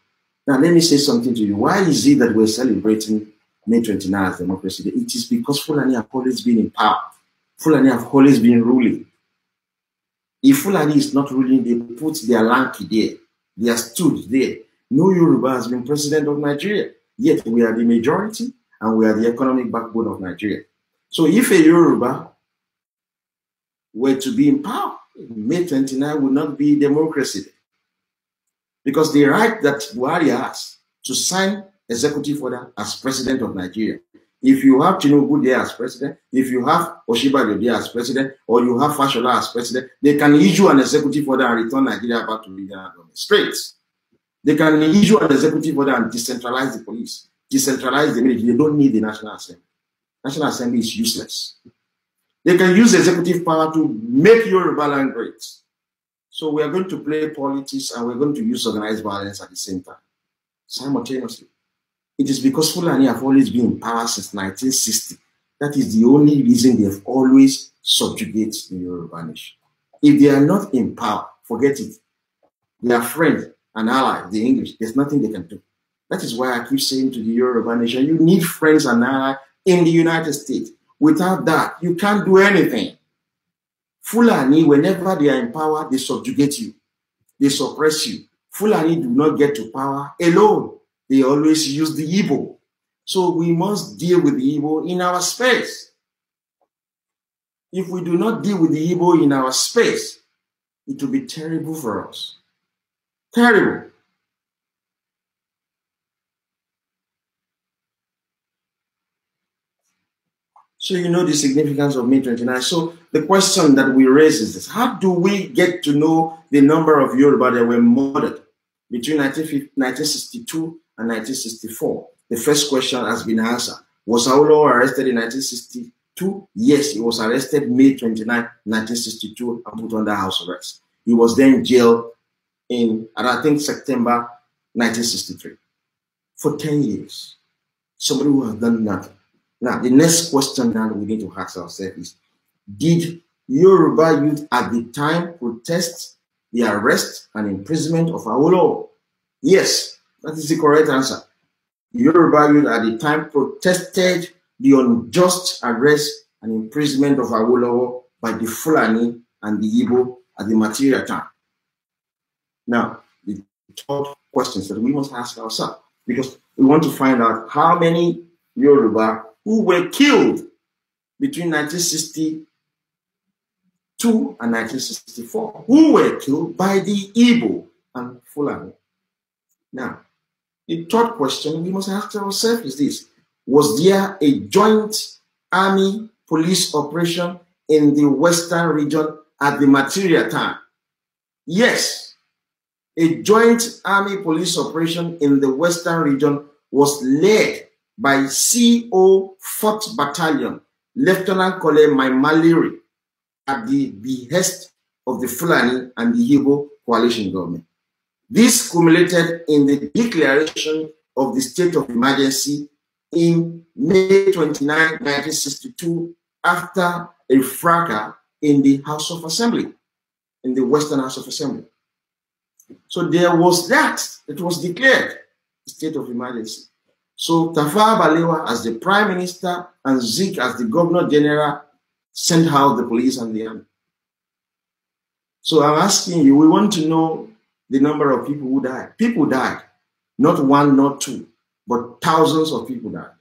Now, let me say something to you. Why is it that we're celebrating May 29 as Democracy Day? It is because Fulani have always been in power. Fulani have always been ruling. If Fulani is not ruling, they put their lanky there. They are stood there. No Yoruba has been president of Nigeria. Yet we are the majority and we are the economic backbone of Nigeria. So if a Yoruba were to be in power, May 29 would not be democracy. Because the right that Buhari has to sign executive order as president of Nigeria if you have Tinubu there as president, if you have Oshiba there as president, or you have Fashola as president, they can issue an executive order and return Nigeria back to regional government. Straight. They can issue an executive order and decentralize the police, decentralize the military. You don't need the National Assembly. National Assembly is useless. They can use executive power to make your land great. So we are going to play politics and we're going to use organized violence at the same time, simultaneously. It is because Fulani have always been in power since 1960. That is the only reason they have always subjugated the Yoruba nation. If they are not in power, forget it. Their friends and allies, the English, there's nothing they can do. That is why I keep saying to the Yoruba nation, you need friends and allies in the United States. Without that, you can't do anything. Fulani, whenever they are in power, they subjugate you. They suppress you. Fulani do not get to power alone. They always use the evil. So we must deal with the evil in our space. If we do not deal with the evil in our space, it will be terrible for us. Terrible. So you know the significance of May 29. So the question that we raise is this. How do we get to know the number of Yoruba that were murdered between 1962 1964. The first question has been answered. Was Aolo arrested in 1962? Yes, he was arrested May 29, 1962 and put under house arrest. He was then jailed in, and I think September 1963 for 10 years. Somebody who has done nothing. Now, the next question that we need to ask ourselves is, did Yoruba youth at the time protest the arrest and imprisonment of Aulo? Yes, that is the correct answer. Yoruba youth at the time protested the unjust arrest and imprisonment of Awolowo by the Fulani and the Igbo at the material time. Now, the third questions that we must ask ourselves, because we want to find out how many Yoruba who were killed between 1962 and 1964, who were killed by the Igbo and Fulani. Now, the third question we must ask ourselves is this Was there a joint army police operation in the western region at the material time? Yes, a joint army police operation in the western region was led by CO 4th Battalion, Lieutenant Colonel Maimaliri, at the behest of the Fulani and the Igbo coalition government. This culminated in the declaration of the state of emergency in May 29, 1962, after a fracas in the House of Assembly, in the Western House of Assembly. So there was that. It was declared state of emergency. So Tafawa Balewa as the prime minister and Zik as the governor general sent out the police and the army. So I'm asking you, we want to know the number of people who died. People died. Not one, not two, but thousands of people died.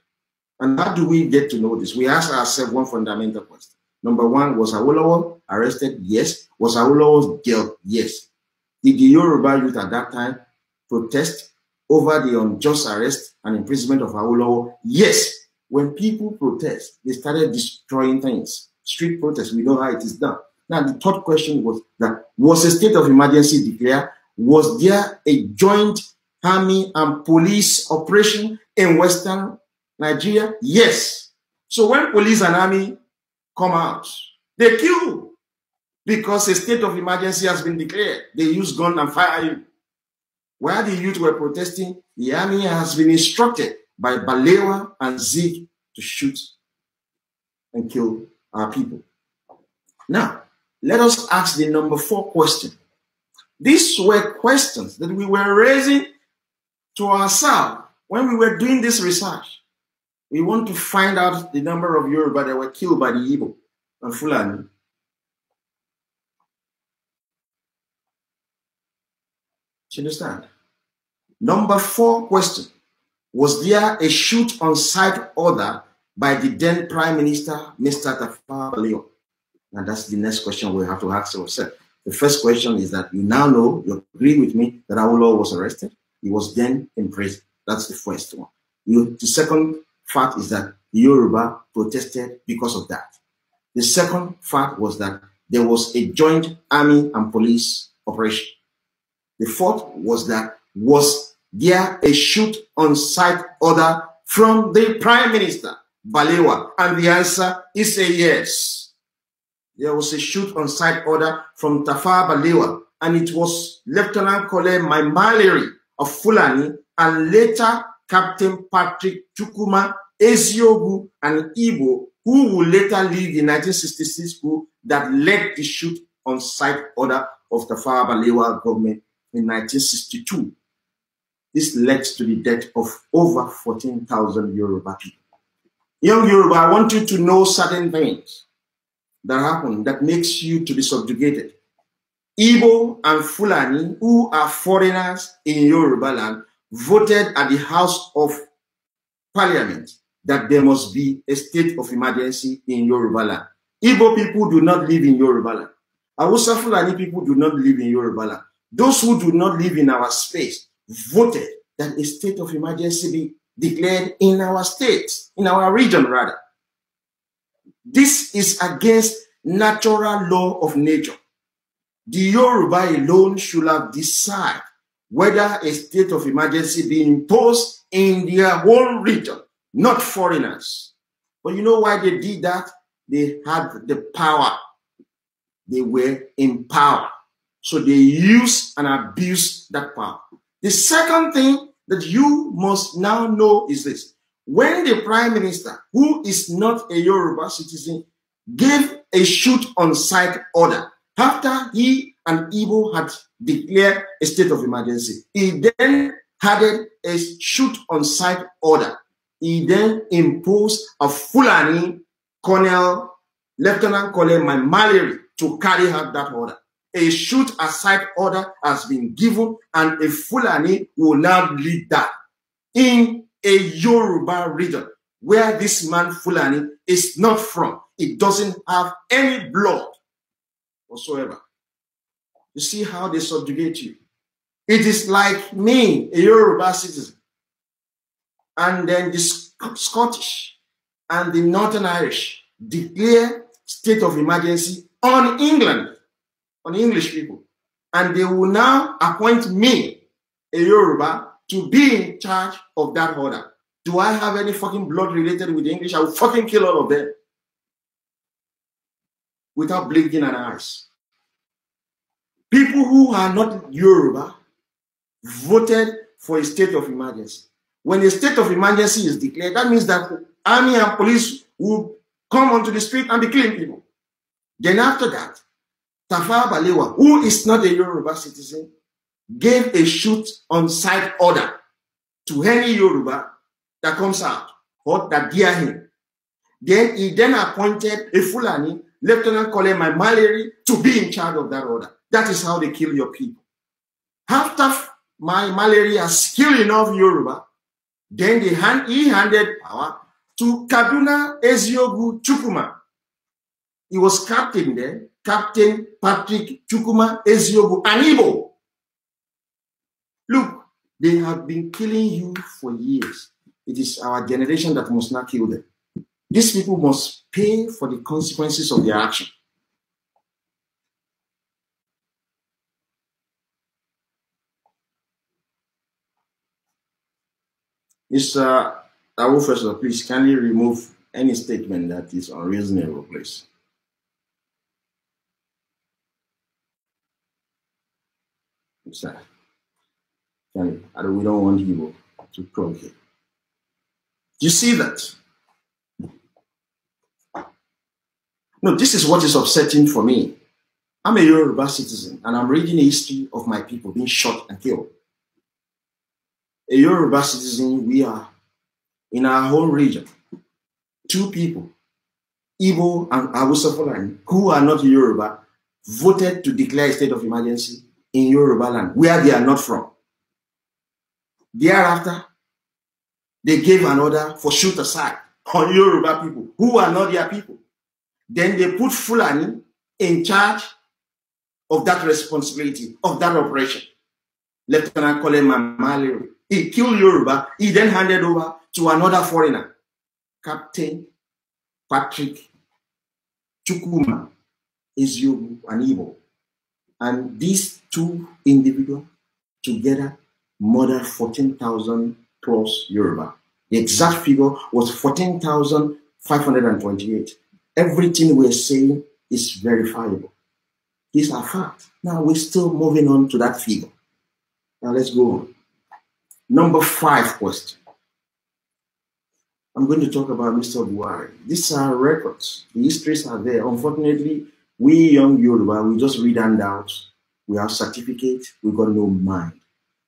And how do we get to know this? We ask ourselves one fundamental question. Number one, was Awolowo arrested? Yes. Was Awolowo jailed? Yes. Did the Yoruba youth at that time protest over the unjust arrest and imprisonment of Awolowo? Yes. When people protest, they started destroying things. Street protests, we know how it is done. Now, the third question was that was a state of emergency declared was there a joint army and police operation in Western Nigeria? Yes. So when police and army come out, they kill because a state of emergency has been declared. They use gun and fire you. While the youth were protesting, the army has been instructed by Balewa and Zeke to shoot and kill our people. Now, let us ask the number four question. These were questions that we were raising to ourselves when we were doing this research. We want to find out the number of Yoruba that were killed by the Igbo and Fulani. Do you understand? Number four question. Was there a shoot on site order by the then Prime Minister, Mr. Tafa Leo? And that's the next question we have to ask ourselves. The first question is that you now know, you agree with me, that Awolowo was arrested. He was then in prison. That's the first one. You, the second fact is that Yoruba protested because of that. The second fact was that there was a joint army and police operation. The fourth was that was there a shoot on site order from the prime minister, Balewa? And the answer is a yes there was a shoot on site order from Tafa Balewa, and it was Lieutenant Colonel Maimaleri of Fulani, and later Captain Patrick Chukuma, Eziogu, and Ibo, who would later lead the 1966 group that led the shoot on site order of the Tafa Balewa government in 1962. This led to the death of over 14,000 Yoruba people. Young Yoruba, I want you to know certain things that happened that makes you to be subjugated. Igbo and Fulani, who are foreigners in Yoruba land, voted at the House of Parliament that there must be a state of emergency in Yoruba land. Igbo people do not live in Yoruba land. Awusa Fulani people do not live in Yoruba land. Those who do not live in our space voted that a state of emergency be declared in our state, in our region rather. This is against natural law of nature. The Yoruba alone should have decided whether a state of emergency be imposed in their whole region, not foreigners. But you know why they did that? They had the power. They were in power. So they use and abuse that power. The second thing that you must now know is this when the prime minister, who is not a Yoruba citizen, gave a shoot on sight order after he and Ibo had declared a state of emergency, he then added a shoot on sight order. He then imposed a Fulani Colonel, Lieutenant Colonel Malari to carry out that order. A shoot aside order has been given, and a Fulani will now lead that. In a Yoruba region where this man Fulani is not from. It doesn't have any blood whatsoever. You see how they subjugate you. It is like me, a Yoruba citizen, and then the Scottish and the Northern Irish declare state of emergency on England, on English people. And they will now appoint me, a Yoruba, to be in charge of that order. Do I have any fucking blood related with the English? I will fucking kill all of them without blinking an eye. People who are not Yoruba voted for a state of emergency. When a state of emergency is declared, that means that army and police will come onto the street and be killing people. Then after that, Tafa Balewa, who is not a Yoruba citizen, gave a shoot on side order to any Yoruba that comes out or that dear him. Then he then appointed a Fulani, Lieutenant Colonel Malari, to be in charge of that order. That is how they kill your people. After my Malari has killed enough Yoruba, then they hand, he handed power to Kaduna Eziogu Chukuma. He was captain there, Captain Patrick Chukuma Eziogu, an Igbo Look, they have been killing you for years. It is our generation that must not kill them. These people must pay for the consequences of their action. Mr. Awofeso, please kindly remove any statement that is unreasonable, please. Sir. And we don't want evil to procreate. You see that? No, this is what is upsetting for me. I'm a Yoruba citizen and I'm reading the history of my people being shot and killed. A Yoruba citizen, we are in our whole region, two people, Igbo and Hausa who are not Yoruba, voted to declare a state of emergency in Yoruba land, where they are not from. Thereafter, they gave an order for shoot aside on Yoruba people who are not their people. Then they put Fulani in charge of that responsibility, of that operation. Lieutenant Colonel Mamali, he killed Yoruba, he then handed over to another foreigner, Captain Patrick Chukuma, is Yoruba and Igbo. And these two individuals together more than 14,000 plus Yoruba. The exact figure was 14,528. Everything we're saying is verifiable. These are facts. Now we're still moving on to that figure. Now let's go on. Number five question. I'm going to talk about Mr. Buhari. These are records. The histories are there. Unfortunately, we young Yoruba, we just read and out. We have certificates. We got no mind.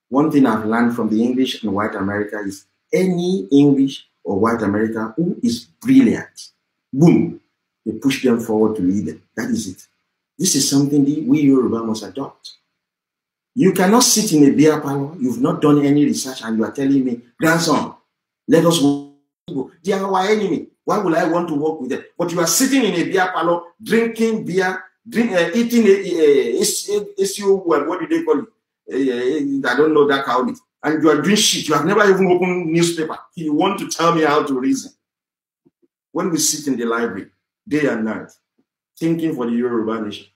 One thing I've learned from the English and white America is any English or white America who is brilliant, boom, they push them forward to lead them. That is it. This is something we Yoruba must adopt. You cannot sit in a beer parlor, you've not done any research, and you are telling me, grandson, let us go. They are our enemy. Why would I want to work with them? But you are sitting in a beer parlor, drinking beer, drink, uh, eating a, a, a, a, a, what do they call it? Eh, eh, I don't know that how it. And you are doing shit. You have never even opened newspaper. You want to tell me how to reason. When we sit in the library, day and night, thinking for the Yoruba nation,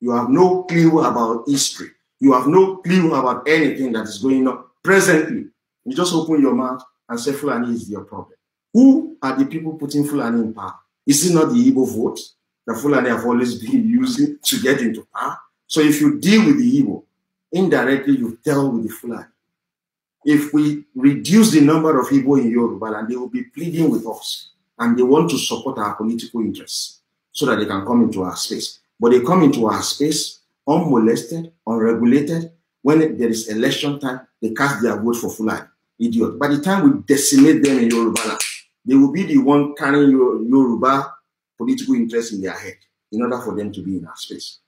you have no clue about history. You have no clue about anything that is going on presently. You just open your mouth and say Fulani is your problem. Who are the people putting Fulani in power? Is it not the Igbo vote that Fulani have always been using to get into power? So if you deal with the Igbo, indirectly you tell with the Fulani. If we reduce the number of people in Yoruba, and they will be pleading with us, and they want to support our political interests so that they can come into our space. But they come into our space unmolested, unregulated. When there is election time, they cast their vote for Fulani. Idiot. By the time we decimate them in Yoruba they will be the one carrying Yoruba political interests in their head in order for them to be in our space.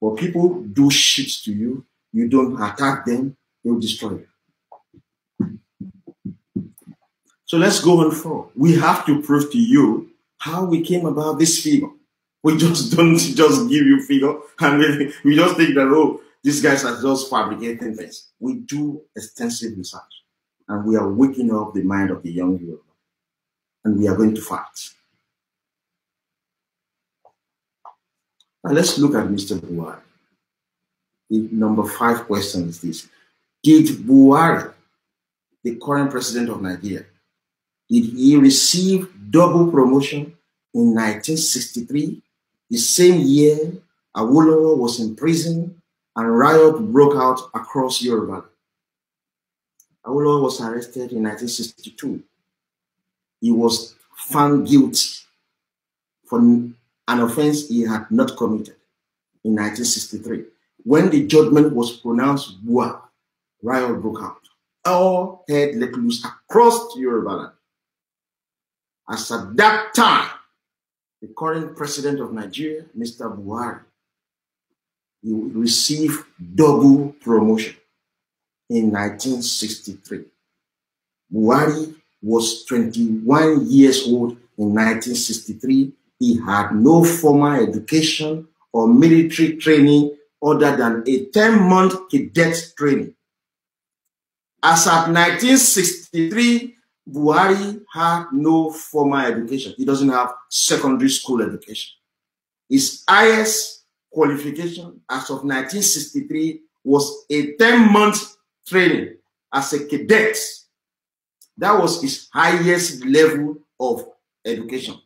But people do shit to you you don't attack them, they'll destroy you. So let's go on forward. We have to prove to you how we came about this figure. We just don't just give you figure and we, we just think that, oh, these guys are just fabricating things. We do extensive research and we are waking up the mind of the young people, and we are going to fight. Now let's look at Mr. Buhari. The number five question is this Did Buhari, the current president of Nigeria, did he receive double promotion in 1963, the same year Awolowo was in prison and riot broke out across Yoruba? Awolowo was arrested in 1962. He was found guilty for an offense he had not committed in 1963 when the judgment was pronounced, wow, riot broke out. All head let loose across Yoruba land. As at that time, the current president of Nigeria, Mr. Buhari, he received double promotion in 1963. Buhari was 21 years old in 1963. He had no formal education or military training other than a 10-month cadet training. As of 1963, Buhari had no formal education. He doesn't have secondary school education. His highest qualification as of 1963 was a 10-month training as a cadet. That was his highest level of education.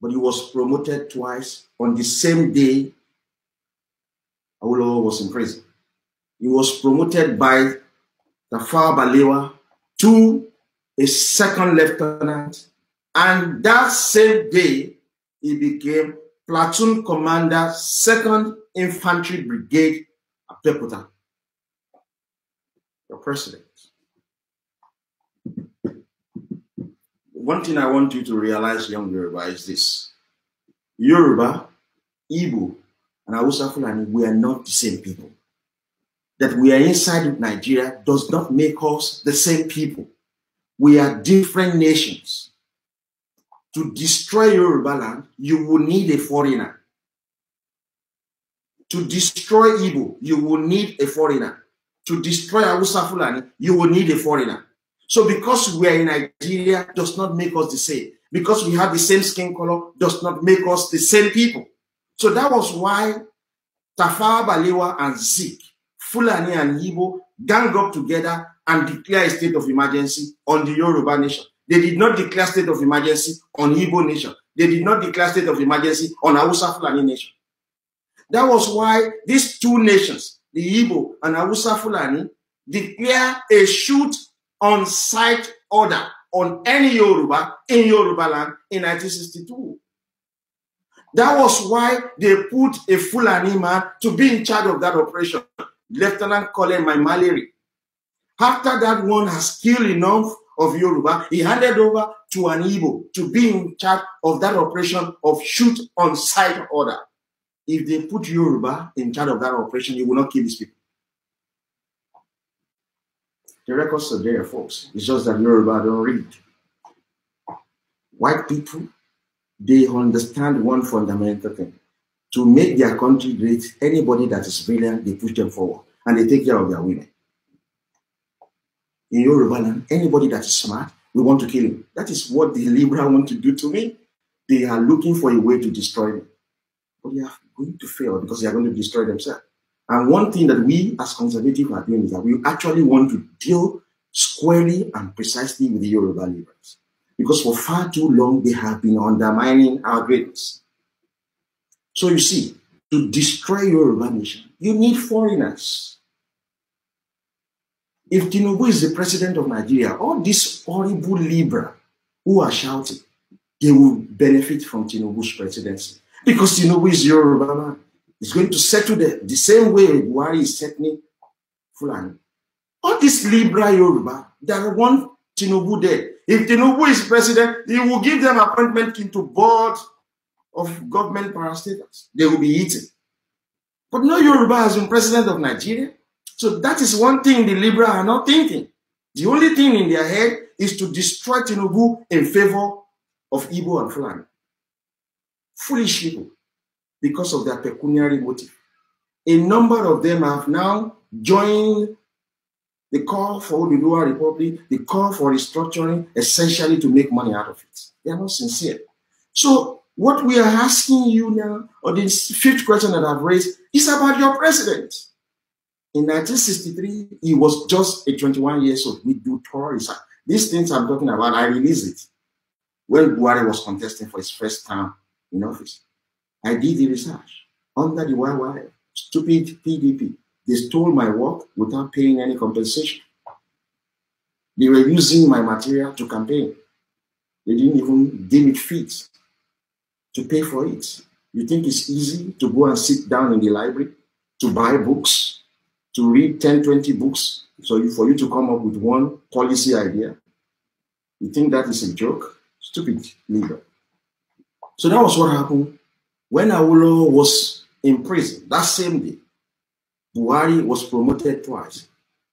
But he was promoted twice on the same day Awolowo was in prison. He was promoted by Far Balewa to a second lieutenant. And that same day, he became platoon commander, 2nd Infantry Brigade at Peputa. president. One thing I want you to realize, young Yoruba, is this. Yoruba, Igbo, and Hausa Fulani, we are not the same people. That we are inside Nigeria does not make us the same people. We are different nations. To destroy Yoruba land, you will need a foreigner. To destroy Igbo, you will need a foreigner. To destroy Hausa Fulani, you will need a foreigner. So because we are in Nigeria does not make us the same. Because we have the same skin color does not make us the same people. So that was why Tafawa Balewa and Zeke, Fulani and Yibo gang up together and declare a state of emergency on the Yoruba nation. They did not declare state of emergency on Igbo nation. They did not declare state of emergency on Hausa Fulani nation. That was why these two nations, the Igbo and Hausa Fulani, declare a shoot on sight order on any Yoruba in Yoruba land in 1962. That was why they put a full man to be in charge of that operation, Lieutenant Colin Maimaleri. After that one has killed enough of Yoruba, he handed over to an Igbo to be in charge of that operation of shoot on sight order. If they put Yoruba in charge of that operation, he will not kill his people. The records are there, folks. It's just that Yoruba don't read. White people they understand one fundamental thing. To make their country great, anybody that is brilliant, they push them forward and they take care of their women. In Yoruba land, anybody that is smart, we want to kill him. That is what the liberal want to do to me. They are looking for a way to destroy me. But they are going to fail because they are going to destroy themselves. And one thing that we as conservatives are doing is that we actually want to deal squarely and precisely with the Yoruba liberals because for far too long they have been undermining our greatness. So you see, to destroy your nation, you need foreigners. If Tinubu is the president of Nigeria, all these horrible Libra who are shouting, they will benefit from Tinubu's presidency because Tinubu is Yoruba man. He's going to settle them the same way Buhari is settling Fulani. All these Libra Yoruba, they want Tinubu dead. If Tinubu is president, he will give them appointment into board of government parastatals. They will be eaten. But no Yoruba has been president of Nigeria. So that is one thing the liberal are not thinking. The only thing in their head is to destroy Tinubu in favor of Igbo and Fulani. Foolish people because of their pecuniary motive. A number of them have now joined the call for the lower republic, the call for restructuring, essentially to make money out of it. They are not sincere. So what we are asking you now, or this fifth question that I've raised, is about your president. In 1963, he was just a 21 years old. We do thorough research. These things I'm talking about, I released it when Buhari was contesting for his first term in office. I did the research under the YY, stupid PDP, they stole my work without paying any compensation. They were using my material to campaign. They didn't even deem it fit to pay for it. You think it's easy to go and sit down in the library, to buy books, to read 10, 20 books, so you, for you to come up with one policy idea? You think that is a joke? Stupid leader. So that was what happened when Awolo was in prison that same day. Buhari was promoted twice.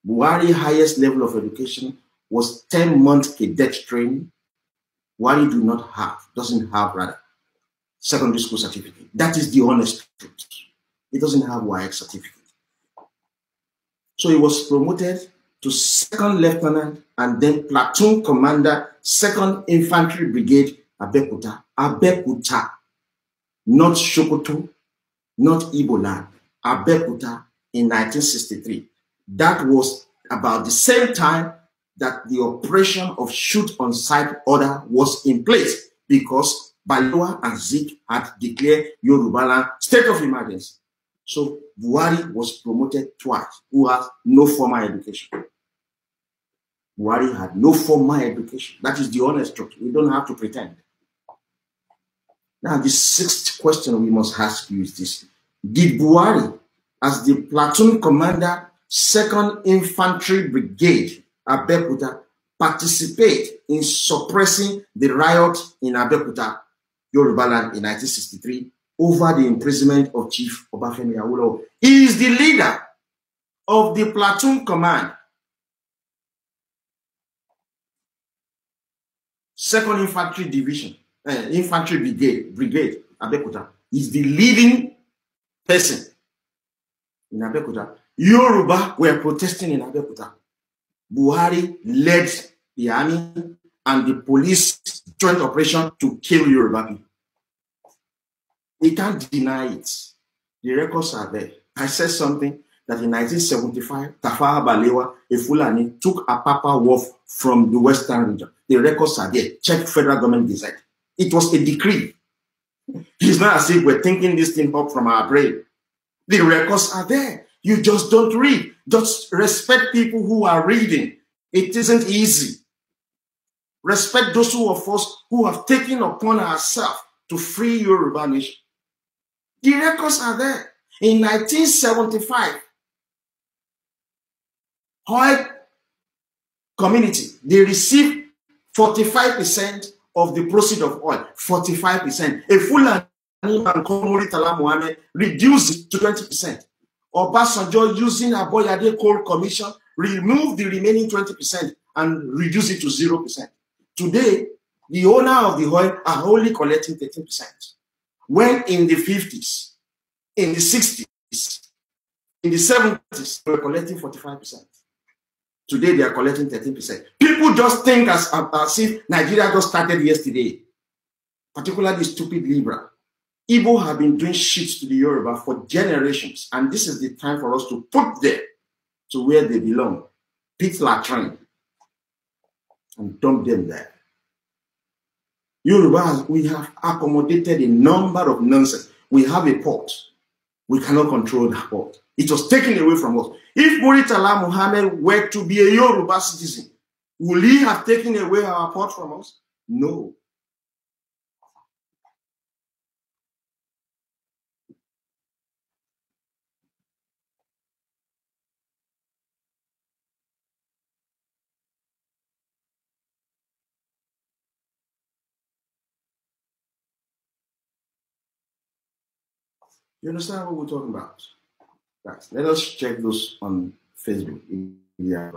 Buhari's highest level of education was 10 month cadet training. Buhari do not have, doesn't have rather, secondary school certificate. That is the honest truth. He doesn't have YX certificate. So he was promoted to second lieutenant and then platoon commander, second infantry brigade, Abekuta. Abekuta, not Shokoto, not Ibola, Abekuta in 1963. That was about the same time that the operation of shoot on sight order was in place because Balua and Zik had declared Yorubala state of emergency. So Buhari was promoted twice, who has no formal education. Buhari had no formal education. That is the honest truth. We don't have to pretend. Now, the sixth question we must ask you is this. Did Buhari as the platoon commander, 2nd Infantry Brigade, Abeputa, participate in suppressing the riot in Abeputa, Yorubaland in 1963 over the imprisonment of Chief Obafemi Awolowo. He is the leader of the platoon command. Second Infantry Division, uh, Infantry Brigade, Brigade Abeokuta is the leading person in Abeokuta. Yoruba were protesting in Abeokuta. Buhari led the army and the police joint operation to kill Yoruba people. We can't deny it. The records are there. I said something that in 1975, Tafawa Balewa, a Fulani, took a papa wolf from the Western region. The records are there. Check federal government decide. It was a decree. It's not as if we're thinking this thing up from our brain. The records are there. You just don't read. Just respect people who are reading. It isn't easy. Respect those who of us who have taken upon ourselves to free Yoruba nation. The records are there. In 1975, oil community, they received 45% of the proceeds of oil. 45%. A full and Kolori reduced to 20%. Obasanjo, using a boyade Coal Commission, removed the remaining 20% and reduced it to 0%. Today, the owner of the oil are only collecting 13%. When in the 50s, in the 60s, in the 70s, they were collecting 45%. Today, they are collecting 13%. People just think as, as if Nigeria just started yesterday, particularly stupid Libra. Igbo have been doing shit to the Yoruba for generations, and this is the time for us to put them to where they belong, pit latrine, and dump them there. Yoruba, we have accommodated a number of nonsense. We have a port. We cannot control that port. It was taken away from us. If Muritala Muhammad were to be a Yoruba citizen, would he have taken away our port from us? No. You understand what we're talking about? That. Let us check those on Facebook. Yeah.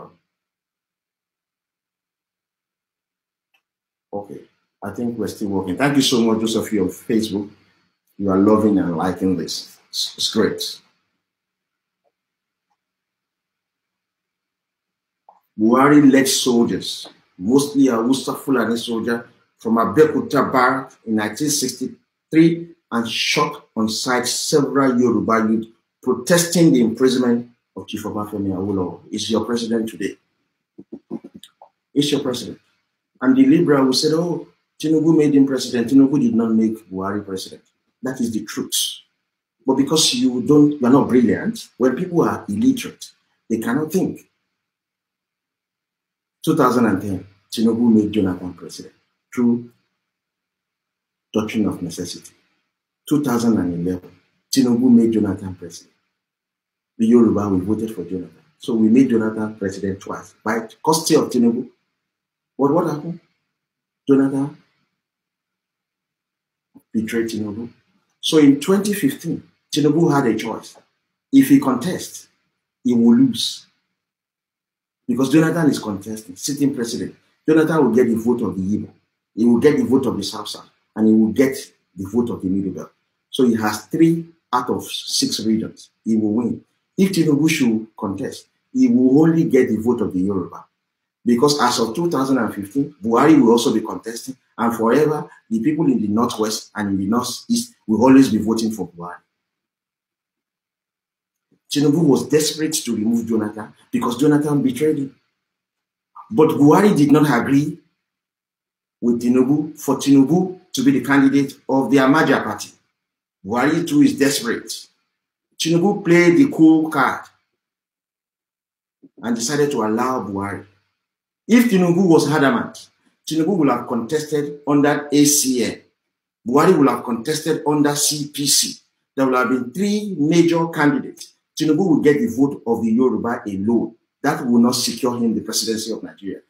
Okay. I think we're still working. Thank you so much, Joseph, you on Facebook. You are loving and liking this. It's, great. Buhari led soldiers, mostly a Wustafulani soldier from Abeokuta Bar in 1963 and shot on sight several Yoruba youth protesting the imprisonment of Chief Obafemi Awolowo. Is your president today? Is your president? And the liberal who said, "Oh, Tinubu made him president. Tinubu did not make Buhari president." That is the truth. But because you don't, you're not brilliant. When people are illiterate, they cannot think. 2010, Tinubu made Jonathan president through doctrine of necessity. 2011, Tinubu made Jonathan president. The Yoruba, we voted for Jonathan. So we made Jonathan president twice by custody of Tinubu. But what happened? Jonathan betrayed Tinubu. So in 2015, Tinubu had a choice. If he contests, he will lose. Because Jonathan is contesting, sitting president. Jonathan will get the vote of the Igbo. He will get the vote of the South South. And he will get the vote of the Middle Belt. So he has three out of six regions. He will win. If Tinubu should contest, he will only get the vote of the Yoruba. Because as of 2015, Buhari will also be contesting, and forever, the people in the Northwest and in the Northeast will always be voting for Buhari. Tinubu was desperate to remove Jonathan because Jonathan betrayed him. But Buhari did not agree with Tinubu for Tinubu to be the candidate of the Amaja party. Buhari too is desperate. Tinubu played the cool card and decided to allow Buhari. If Tinubu was adamant, Tinubu would have contested under ACN. Buhari would have contested under CPC. There would have been three major candidates. Tinubu will get the vote of the Yoruba alone. That will not secure him the presidency of Nigeria.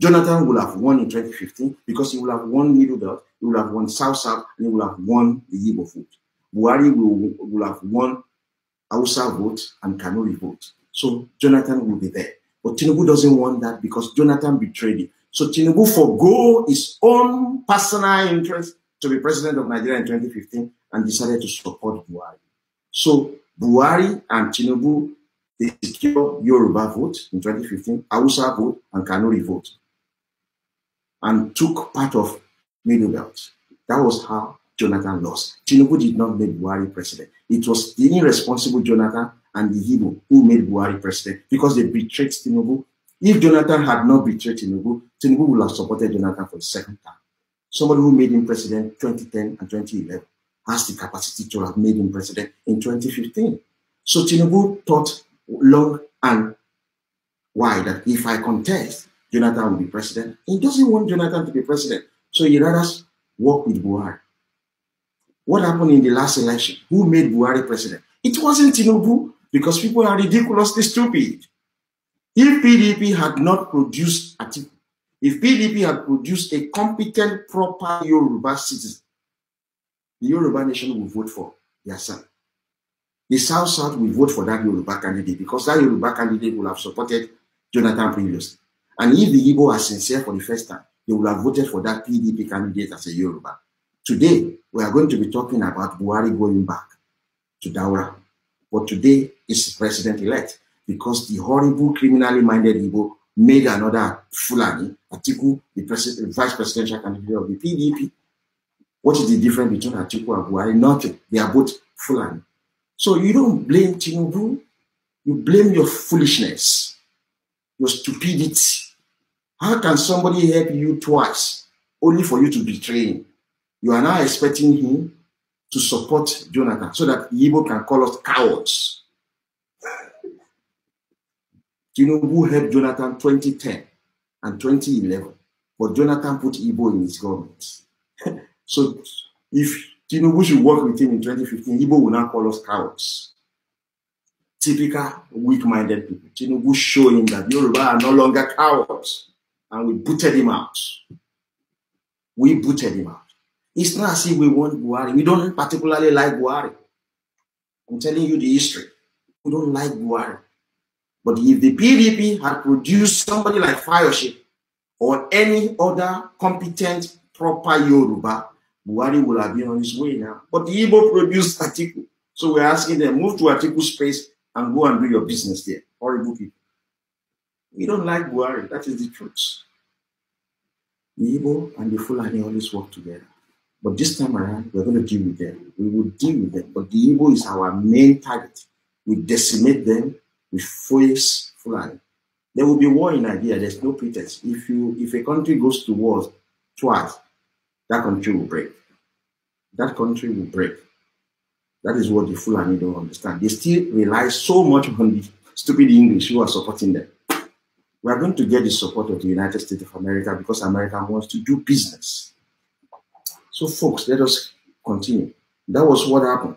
Jonathan will have won in 2015 because he will have won Middle Belt, he will have won South South, and he will have won the Igbo vote. Buhari will, will have won Hausa vote and Kanuri vote. So Jonathan will be there. But Tinubu doesn't want that because Jonathan betrayed him. So Tinubu forgo his own personal interest to be president of Nigeria in 2015 and decided to support Buhari. So Buhari and Tinubu, they secure Yoruba vote in 2015, Hausa vote, and Kanuri vote and took part of middle belt. That was how Jonathan lost. Tinubu did not make Buhari president. It was the irresponsible Jonathan and the Igbo who made Buhari president because they betrayed Tinubu. If Jonathan had not betrayed Tinubu, Tinubu would have supported Jonathan for the second time. Somebody who made him president 2010 and 2011 has the capacity to have made him president in 2015. So Tinubu thought long and wide that if I contest, Jonathan will be president. He doesn't want Jonathan to be president. So he rather work with Buhari. What happened in the last election? Who made Buhari president? It wasn't Tinubu because people are ridiculously stupid. If PDP had not produced Atiku, if PDP had produced a competent, proper Yoruba citizen, the Yoruba nation will vote for Yasan. The South South will vote for that Yoruba candidate because that Yoruba candidate will have supported Jonathan previously. And if the Igbo are sincere for the first time, they will have voted for that PDP candidate as a Yoruba. Today, we are going to be talking about Buhari going back to Daura. But today is president-elect because the horrible criminally minded Igbo made another Fulani, Atiku, the, president, the vice presidential candidate of the PDP. What is the difference between Atiku and Buhari? Nothing. They are both Fulani. So you don't blame Tinubu. You blame your foolishness, your stupidity, how can somebody help you twice only for you to betray him? You are now expecting him to support Jonathan so that Yibo can call us cowards. Do you know who helped Jonathan 2010 and 2011? But Jonathan put Ibo in his government. so if Tinubu should work with him in 2015, Ibo will not call us cowards. Typical weak-minded people. Tinubu show him that Yoruba are no longer cowards and we booted him out. We booted him out. It's not as if we want Buhari. We don't particularly like Buhari. I'm telling you the history. We don't like Buhari. But if the PDP had produced somebody like Fireship or any other competent, proper Yoruba, Buhari would have been on his way now. But the Igbo produced Atiku. So we're asking them, move to Atiku space and go and do your business there. Horrible people. We don't like Buhari. That is the truth. The Igbo and the Fulani always work together. But this time around, we're going to deal with them. We will deal with them. But the Igbo is our main target. We decimate them. We face Fulani. There will be war in Nigeria. There's no pretense. If you if a country goes to war twice, that country will break. That country will break. That is what the Fulani don't understand. They still rely so much on the stupid English who are supporting them we are going to get the support of the United States of America because America wants to do business. So, folks, let us continue. That was what happened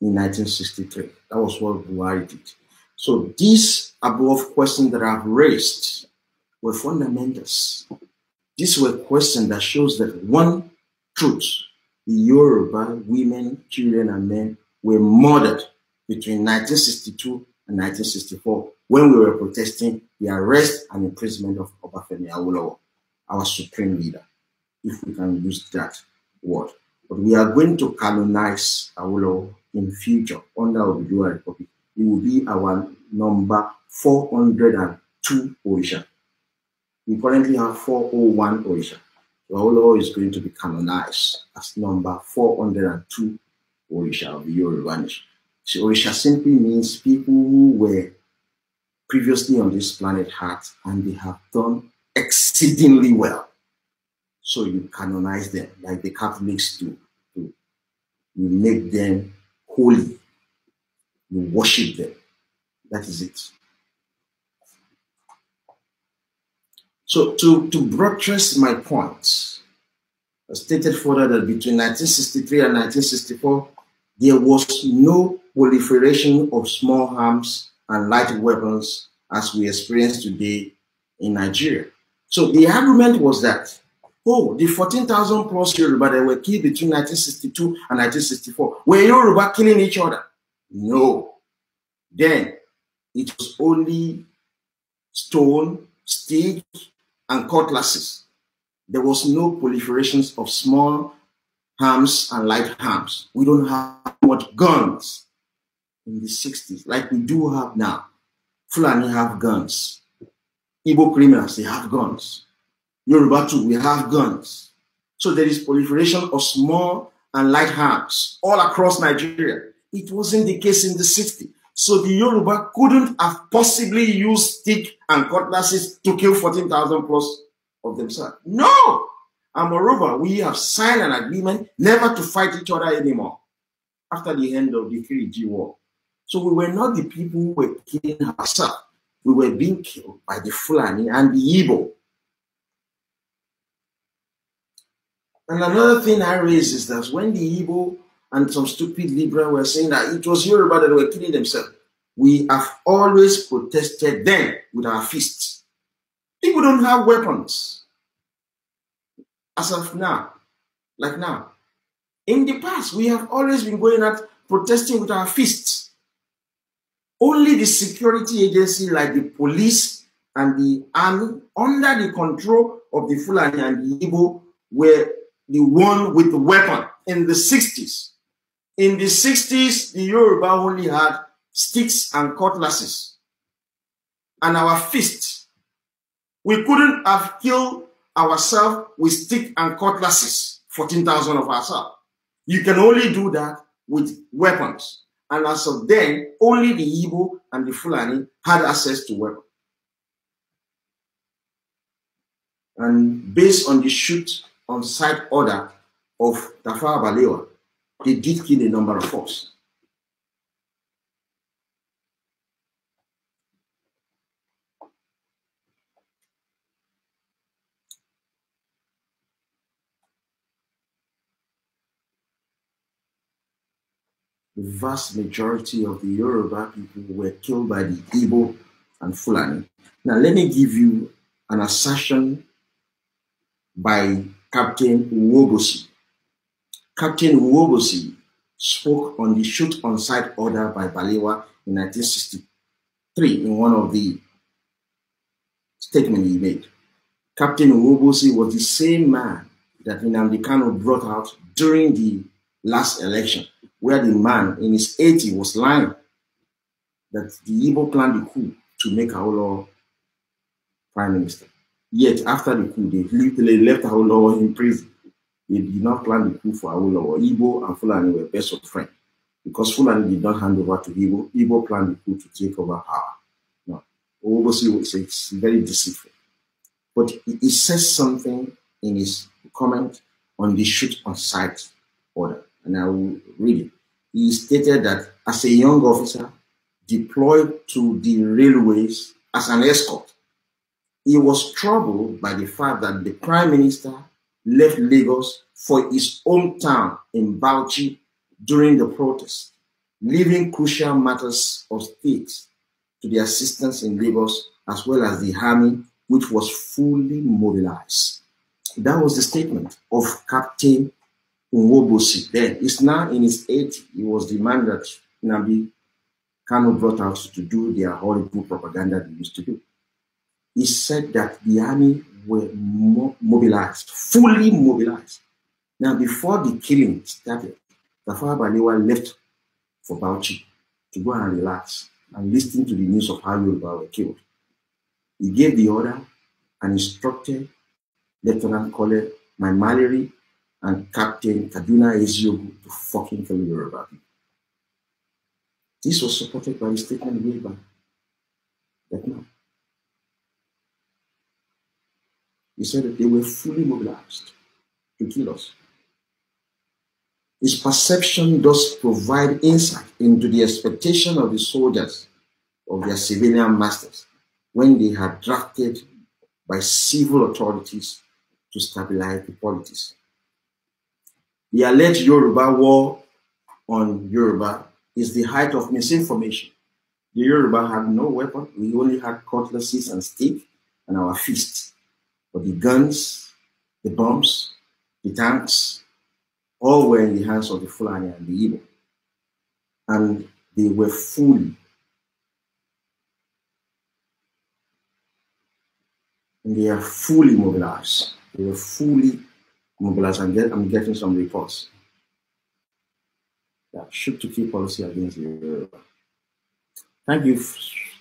in 1963. That was what Buhari did. So, these above questions that I've raised were fundamentals. These were questions that shows that one truth: the Yoruba women, children, and men were murdered between 1962 and 1964 when we were protesting the arrest and imprisonment of Obafemi Awolowo, our supreme leader, if we can use that word. But we are going to canonize Awolowo in future under new Republic. It will be our number 402 Oisha. We currently have 401 Oisha. Awolowo is going to be canonized as number 402 Oisha of the Yoruba nation. So Oisha simply means people who were previously on this planet had, and they have done exceedingly well. So you canonize them like the Catholics do. You make them holy. You worship them. That is it. So to, to buttress my point, I stated further that between 1963 and 1964, there was no proliferation of small arms and light weapons as we experience today in Nigeria. So the argument was that, oh, the 14,000 plus Yoruba that were killed between 1962 and 1964, were Yoruba killing each other? No. Then it was only stone, stick, and cutlasses. There was no proliferations of small arms and light arms. We don't have much guns in the 60s, like we do have now. Fulani have guns. Igbo criminals, they have guns. Yoruba too, we have guns. So there is proliferation of small and light arms all across Nigeria. It wasn't the case in the 60s. So the Yoruba couldn't have possibly used stick and cutlasses to kill 14,000 plus of themselves. No! And moreover, we have signed an agreement never to fight each other anymore after the end of the 3G war. So we were not the people who were killing ourselves. We were being killed by the Fulani and the Igbo. And another thing I raise is that when the Igbo and some stupid liberal were saying that it was Yoruba that were killing themselves, we have always protested them with our fists. People don't have weapons as of now, like now. In the past, we have always been going at protesting with our fists. Only the security agency like the police and the army under the control of the Fulani and the Igbo were the one with the weapon in the 60s. In the 60s, the Yoruba only had sticks and cutlasses and our fists. We couldn't have killed ourselves with stick and cutlasses, 14,000 of ourselves. You can only do that with weapons and as of then, only the Igbo and the Fulani had access to weapons. And based on the shoot on sight order of Tafa Balewa, they did kill a number of folks. the vast majority of the Yoruba people were killed by the Igbo and Fulani. Now, let me give you an assertion by Captain Uwobosi. Captain Uwobosi spoke on the shoot on site order by Balewa in 1963 in one of the statements he made. Captain Uwobosi was the same man that Nnamdi Kano brought out during the last election where the man in his 80 was lying that the Igbo planned the coup to make Aolo prime minister. Yet after the coup, they left Aolo in prison. They did not plan the coup for Aolo. Igbo and Fulani were best of friends because Fulani did not hand over to Igbo. Igbo planned the coup to take over power. Now, obviously, it's very deceitful. But he says something in his comment on the shoot on sight order, and I will read it he stated that as a young officer deployed to the railways as an escort, he was troubled by the fact that the prime minister left Lagos for his hometown in Bauchi during the protest, leaving crucial matters of state to the assistance in Lagos as well as the army, which was fully mobilized. That was the statement of Captain Uwobosi. then. He's now in his 80s. He was the man that Nabi Kano brought out to do their horrible propaganda they used to do. He said that the army were mo mobilized, fully mobilized. Now, before the killing started, Tafar Balewa left for Bauchi to go and relax and listen to the news of how Yoruba were killed. He gave the order and instructed Lieutenant Colonel my Mallory and Captain Kaduna Eziogu to fucking kill Yoruba people. This was supported by a statement made by that He said that they were fully mobilized to kill us. His perception does provide insight into the expectation of the soldiers of their civilian masters when they are drafted by civil authorities to stabilize the politics. The alleged Yoruba war on Yoruba is the height of misinformation. The Yoruba had no weapon. We only had cutlasses and sticks and our fists. But the guns, the bombs, the tanks, all were in the hands of the Fulani and the Igbo. And they were fully and they are fully mobilized. They were fully mobilize and get, I'm getting some reports. Yeah, shoot to keep policy against the Thank you,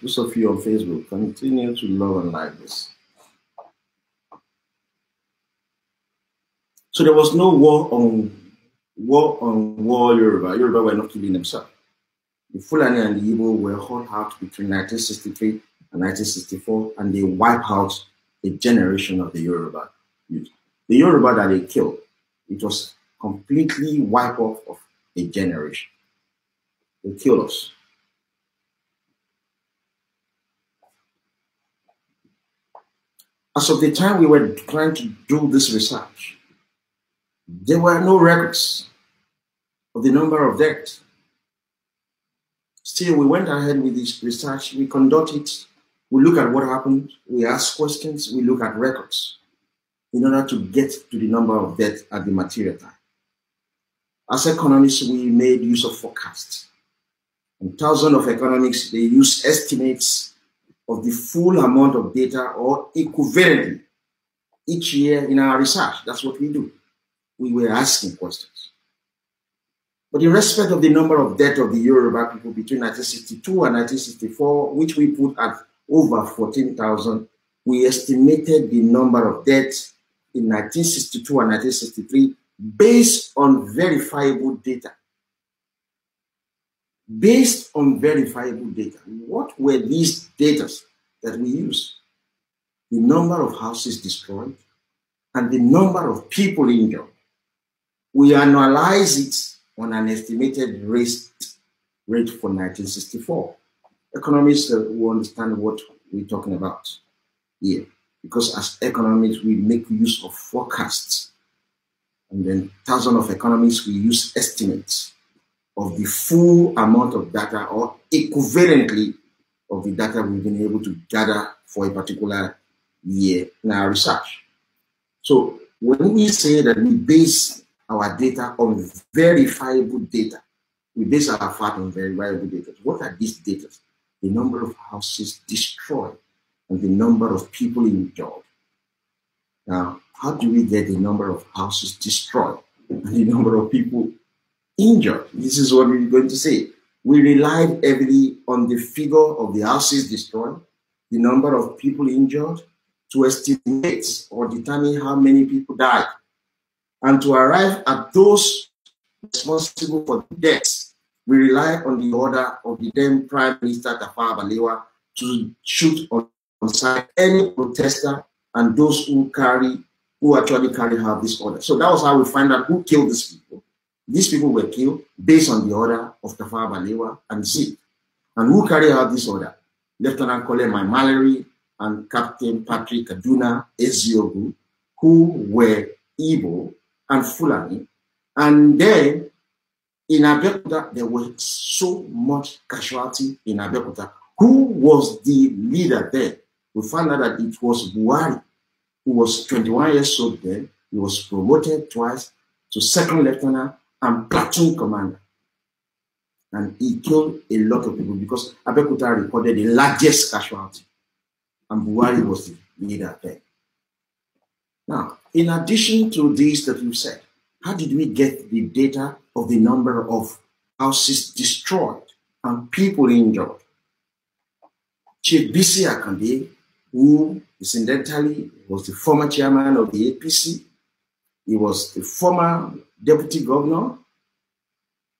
those of you on Facebook. Continue to love and like this. So there was no war on war on war Yoruba. Yoruba were not killing themselves. The Fulani and the Igbo were hauled out between 1963 and 1964, and they wiped out a generation of the Yoruba. The Yoruba that they killed, it was completely wipe off of a generation. They killed us. As of the time we were trying to do this research, there were no records of the number of deaths. Still, we went ahead with this research. We conducted, we look at what happened, we ask questions, we look at records in order to get to the number of deaths at the material time. As economists, we made use of forecasts. In thousands of economists they use estimates of the full amount of data or equivalently each year in our research. That's what we do. We were asking questions. But in respect of the number of deaths of the Yoruba people between 1962 and 1964, which we put at over 14,000, we estimated the number of deaths in 1962 and 1963 based on verifiable data. Based on verifiable data. What were these data that we used? The number of houses destroyed and the number of people injured. We analyze it on an estimated risk rate for 1964. Economists uh, will understand what we're talking about here because as economists, we make use of forecasts. And then thousands of economists, we use estimates of the full amount of data or equivalently of the data we've been able to gather for a particular year in our research. So when we say that we base our data on verifiable data, we base our fact on verifiable data. What are these data? The number of houses destroyed, and the number of people in job. Now, how do we get the number of houses destroyed and the number of people injured? This is what we're going to say. We relied heavily on the figure of the houses destroyed, the number of people injured, to estimate or determine how many people died, and to arrive at those responsible for the deaths. We rely on the order of the then Prime Minister Tafawa Balewa to shoot on concern any protester and those who carry, who actually carry out this order. So that was how we find out who killed these people. These people were killed based on the order of Tafawa Balewa and Zeke. And who carried out this order? Lieutenant Colonel Mallory and Captain Patrick Kaduna Eziogu, who were Ibo and Fulani. And then in Abeokuta, there was so much casualty in Abeokuta. Who was the leader there? we found out that it was Buhari, who was 21 years old then. He was promoted twice to second lieutenant and platoon commander. And he killed a lot of people because Abekuta recorded the largest casualty. And Buhari was the leader then. Now, in addition to this that you said, how did we get the data of the number of houses destroyed and people injured? Chief BC Akande who incidentally was the former chairman of the APC. He was the former deputy governor,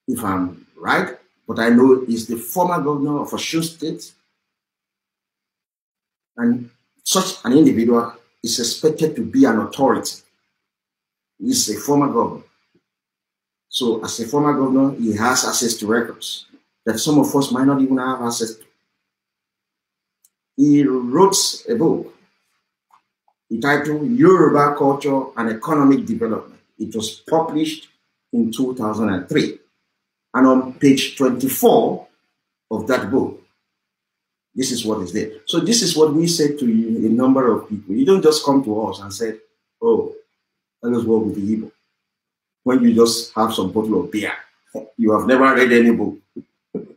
if I'm right, but I know he's the former governor of Osun State. And such an individual is expected to be an authority. He's a former governor. So as a former governor, he has access to records that some of us might not even have access to he wrote a book entitled Yoruba Culture and Economic Development. It was published in 2003. And on page 24 of that book, this is what is there. So this is what we said to a number of people. You don't just come to us and say, oh, let us work with the Igbo. When you just have some bottle of beer, you have never read any book.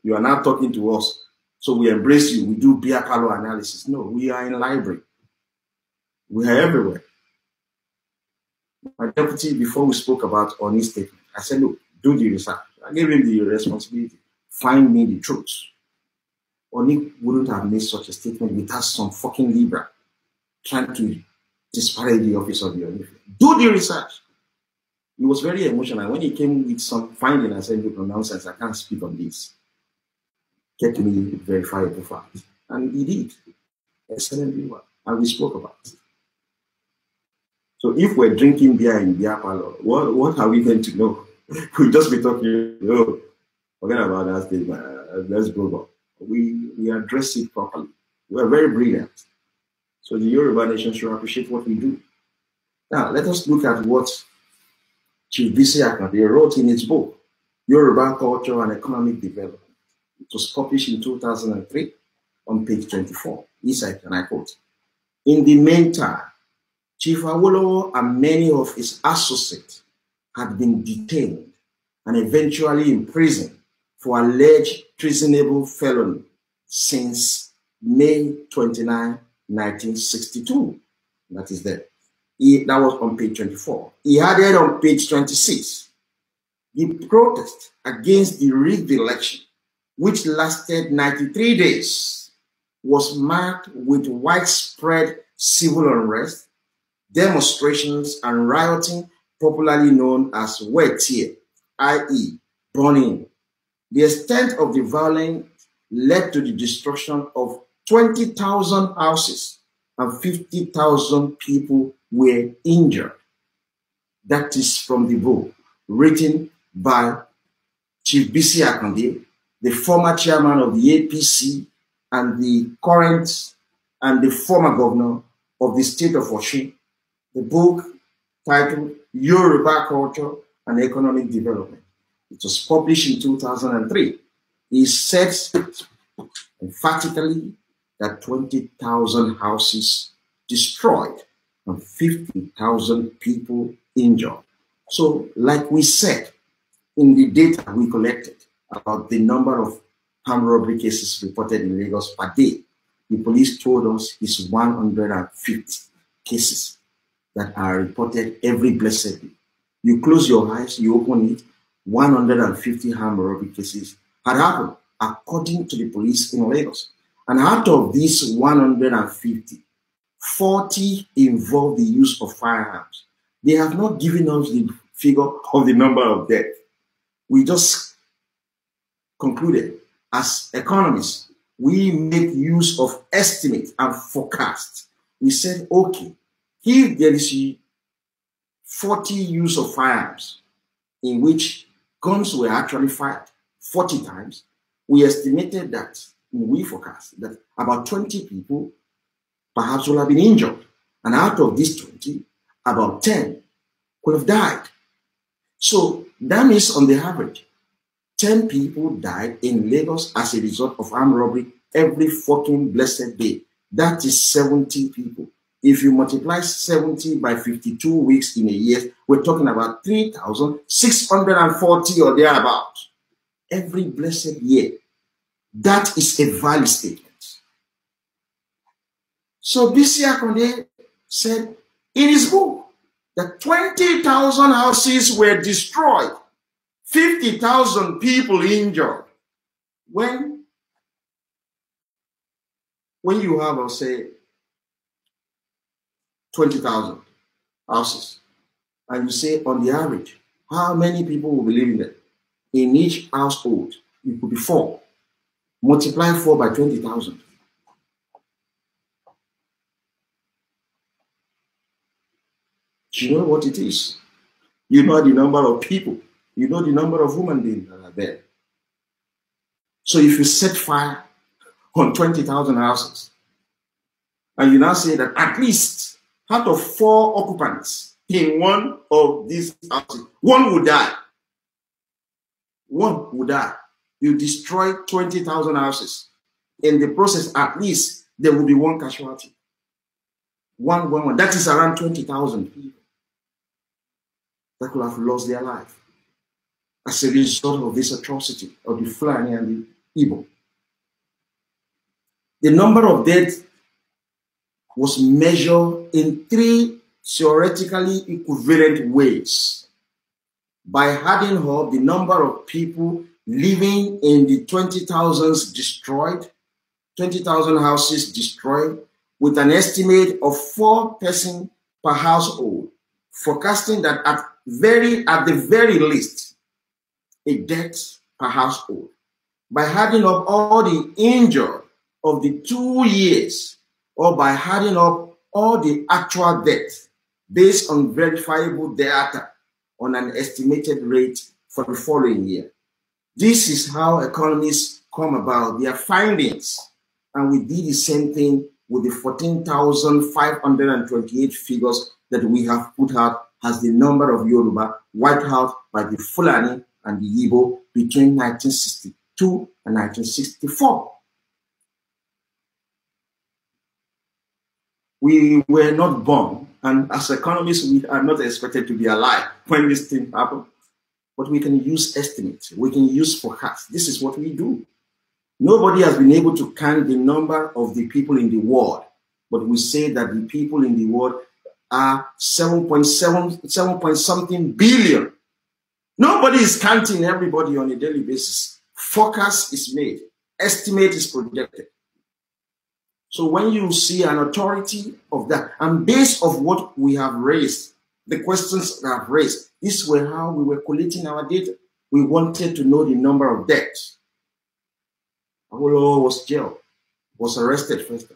You are now talking to us so we embrace you. We do Biakalo analysis. No, we are in library. We are everywhere. My deputy, before we spoke about on his statement, I said, look, do the research. I gave him the responsibility. Find me the truth. Oni wouldn't have made such a statement without some fucking Libra trying to disparage the office of the Onif. Do the research. He was very emotional. When he came with some finding, I said, look, nonsense, I can't speak on this get me verifiable facts. And he did. Excellently well. And we spoke about it. So if we're drinking beer in beer parlor, what, what are we going to know? we'll just be talking, oh, forget about that thing. let's go on. We, we address it properly. We're very brilliant. So the Yoruba nation should appreciate what we do. Now, let us look at what Chief B.C. wrote in his book, Yoruba Culture and Economic Development. It was published in 2003 on page 24. I and I quote, In the meantime, Chief Awolowo and many of his associates had been detained and eventually imprisoned for alleged treasonable felony since May 29, 1962. That is there. He, that was on page 24. He added on page 26, the protest against the rigged election which lasted 93 days, was marked with widespread civil unrest, demonstrations, and rioting, popularly known as wet tear, i.e., burning. The extent of the violence led to the destruction of 20,000 houses and 50,000 people were injured. That is from the book written by Chief B.C. Akande the former chairman of the APC and the current and the former governor of the state of Oshin, the book titled Yoruba Culture and Economic Development. It was published in 2003. He says emphatically that 20,000 houses destroyed and 50,000 people injured. So, like we said, in the data we collected, about the number of armed robbery cases reported in Lagos per day. The police told us it's 150 cases that are reported every blessed day. You close your eyes, you open it, 150 armed robbery cases had happened, according to the police in Lagos. And out of these 150, 40 involved the use of firearms. They have not given us the figure of the number of death. We just concluded as economists, we make use of estimate and forecast. We said, okay, if there is 40 use of firearms in which guns were actually fired 40 times, we estimated that, we forecast that about 20 people perhaps will have been injured. And out of these 20, about 10 could have died. So that means on the average, 10 people died in Lagos as a result of armed robbery every fucking blessed day. That is 70 people. If you multiply 70 by 52 weeks in a year, we're talking about 3,640 or thereabout every blessed year. That is a valid statement. So B.C. Akonde said in his book that 20,000 houses were destroyed 50,000 people injured. When, when you have, I'll say, 20,000 houses, and you say on the average, how many people will be living there? In each household, it could be four. Multiply four by 20,000. Do you know what it is? You know the number of people you know the number of human beings that uh, are there. So if you set fire on 20,000 houses, and you now say that at least out of four occupants in one of these houses, one will die. One will die. You destroy 20,000 houses. In the process, at least there will be one casualty. One, one, one. That is around 20,000 people that could have lost their life as a result of this atrocity of the Fulani and the Igbo. The number of deaths was measured in three theoretically equivalent ways by adding up the number of people living in the 20,000s destroyed, 20,000 houses destroyed, with an estimate of four persons per household, forecasting that at very at the very least a debt per household by adding up all the injury of the two years or by adding up all the actual debt based on verifiable data on an estimated rate for the following year. This is how economists come about their findings. And we did the same thing with the 14,528 figures that we have put out as the number of Yoruba wiped out by the Fulani and the Igbo between 1962 and 1964. We were not born, and as economists, we are not expected to be alive when this thing happened. But we can use estimates, we can use forecasts. This is what we do. Nobody has been able to count the number of the people in the world, but we say that the people in the world are 7.7, 7 point something billion Nobody is counting everybody on a daily basis. Focus is made, estimate is projected. So when you see an authority of that, and based of what we have raised, the questions that I've raised, this were how we were collecting our data. We wanted to know the number of deaths. Awolowo was jailed, was arrested first.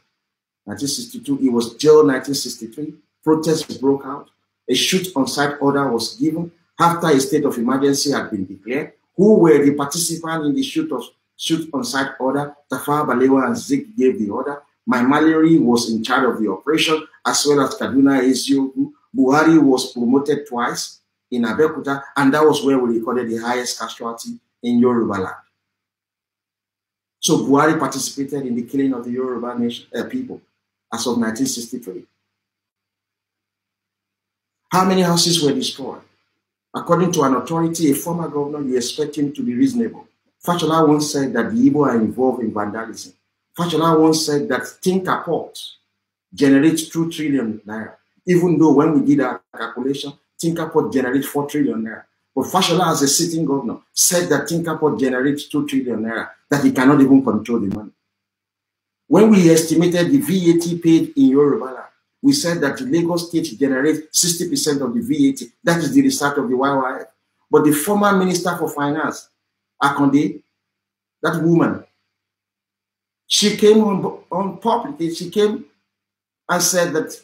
1962, he was jailed 1963. Protests broke out. A shoot on site order was given after a state of emergency had been declared, who were the participants in the shoot, of, shoot on site order. Tafa Balewa and Zik gave the order. My Mallory was in charge of the operation, as well as Kaduna Eziogu. Buhari was promoted twice in Abeokuta, and that was where we recorded the highest casualty in Yoruba land. So Buhari participated in the killing of the Yoruba nation, uh, people as of 1963. How many houses were destroyed? According to an authority, a former governor, you expect him to be reasonable. Fashola once said that the Igbo are involved in vandalism. Fashola once said that Tinker generates 2 trillion naira, even though when we did our calculation, Tinkerpot generates 4 trillion naira. But Fashola, as a sitting governor, said that Tinkerpot generates 2 trillion naira, that he cannot even control the money. When we estimated the VAT paid in Yoruba we said that the Lagos State generates 60% of the VAT. That is the result of the YYF. But the former Minister for Finance, Akonde, that woman, she came on, on publicly, she came and said that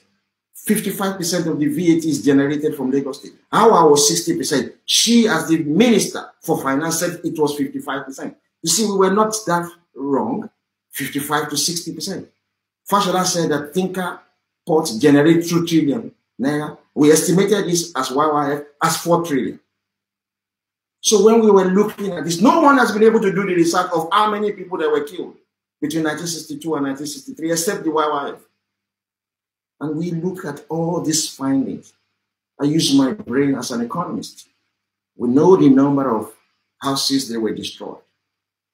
55% of the VAT is generated from Lagos State. Our was 60%. She, as the Minister for Finance, said it was 55%. You see, we were not that wrong, 55 to 60%. Fashola said that Thinker pot generate 2 trillion naira. We estimated this as YYF as 4 trillion. So when we were looking at this, no one has been able to do the research of how many people that were killed between 1962 and 1963, except the YYF. And we look at all these findings. I use my brain as an economist. We know the number of houses that were destroyed.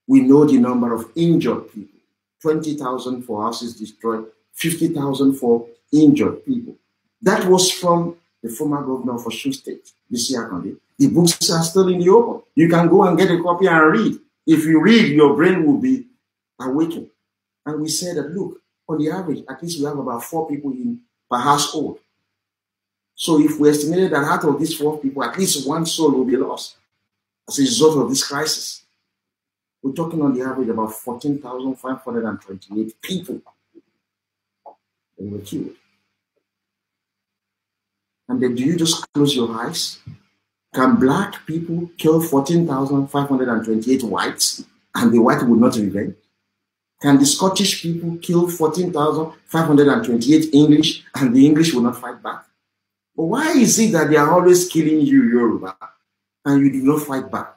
We know the number of injured people. 20,000 for houses destroyed, 50,000 for injured people. That was from the former governor of Osun State, Mr. Akande. The books are still in the open. You can go and get a copy and read. If you read, your brain will be awakened. And we said that, look, on the average, at least we have about four people in per household. So if we estimated that out of these four people, at least one soul will be lost as a result of this crisis. We're talking on the average about 14,528 people that were killed. And then do you just close your eyes? Can black people kill 14,528 whites and the white would not revenge? Can the Scottish people kill 14,528 English and the English will not fight back? But why is it that they are always killing you, Yoruba, and you do not fight back?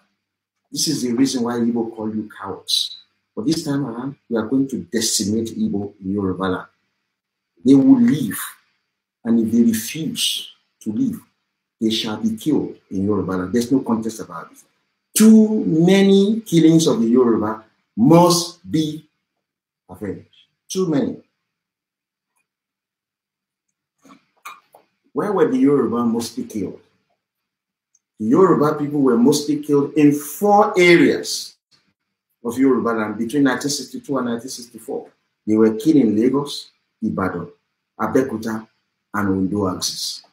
This is the reason why Igbo call you cowards. But this time around, we are going to decimate Igbo in Yoruba They will leave, and if they refuse, to live, they shall be killed in Yoruba There's no contest about it. Too many killings of the Yoruba must be avenged. Too many. Where were the Yoruba mostly killed? The Yoruba people were mostly killed in four areas of Yoruba land between 1962 and 1964. They were killed in Lagos, Ibadan, Abeokuta, and Ondo axis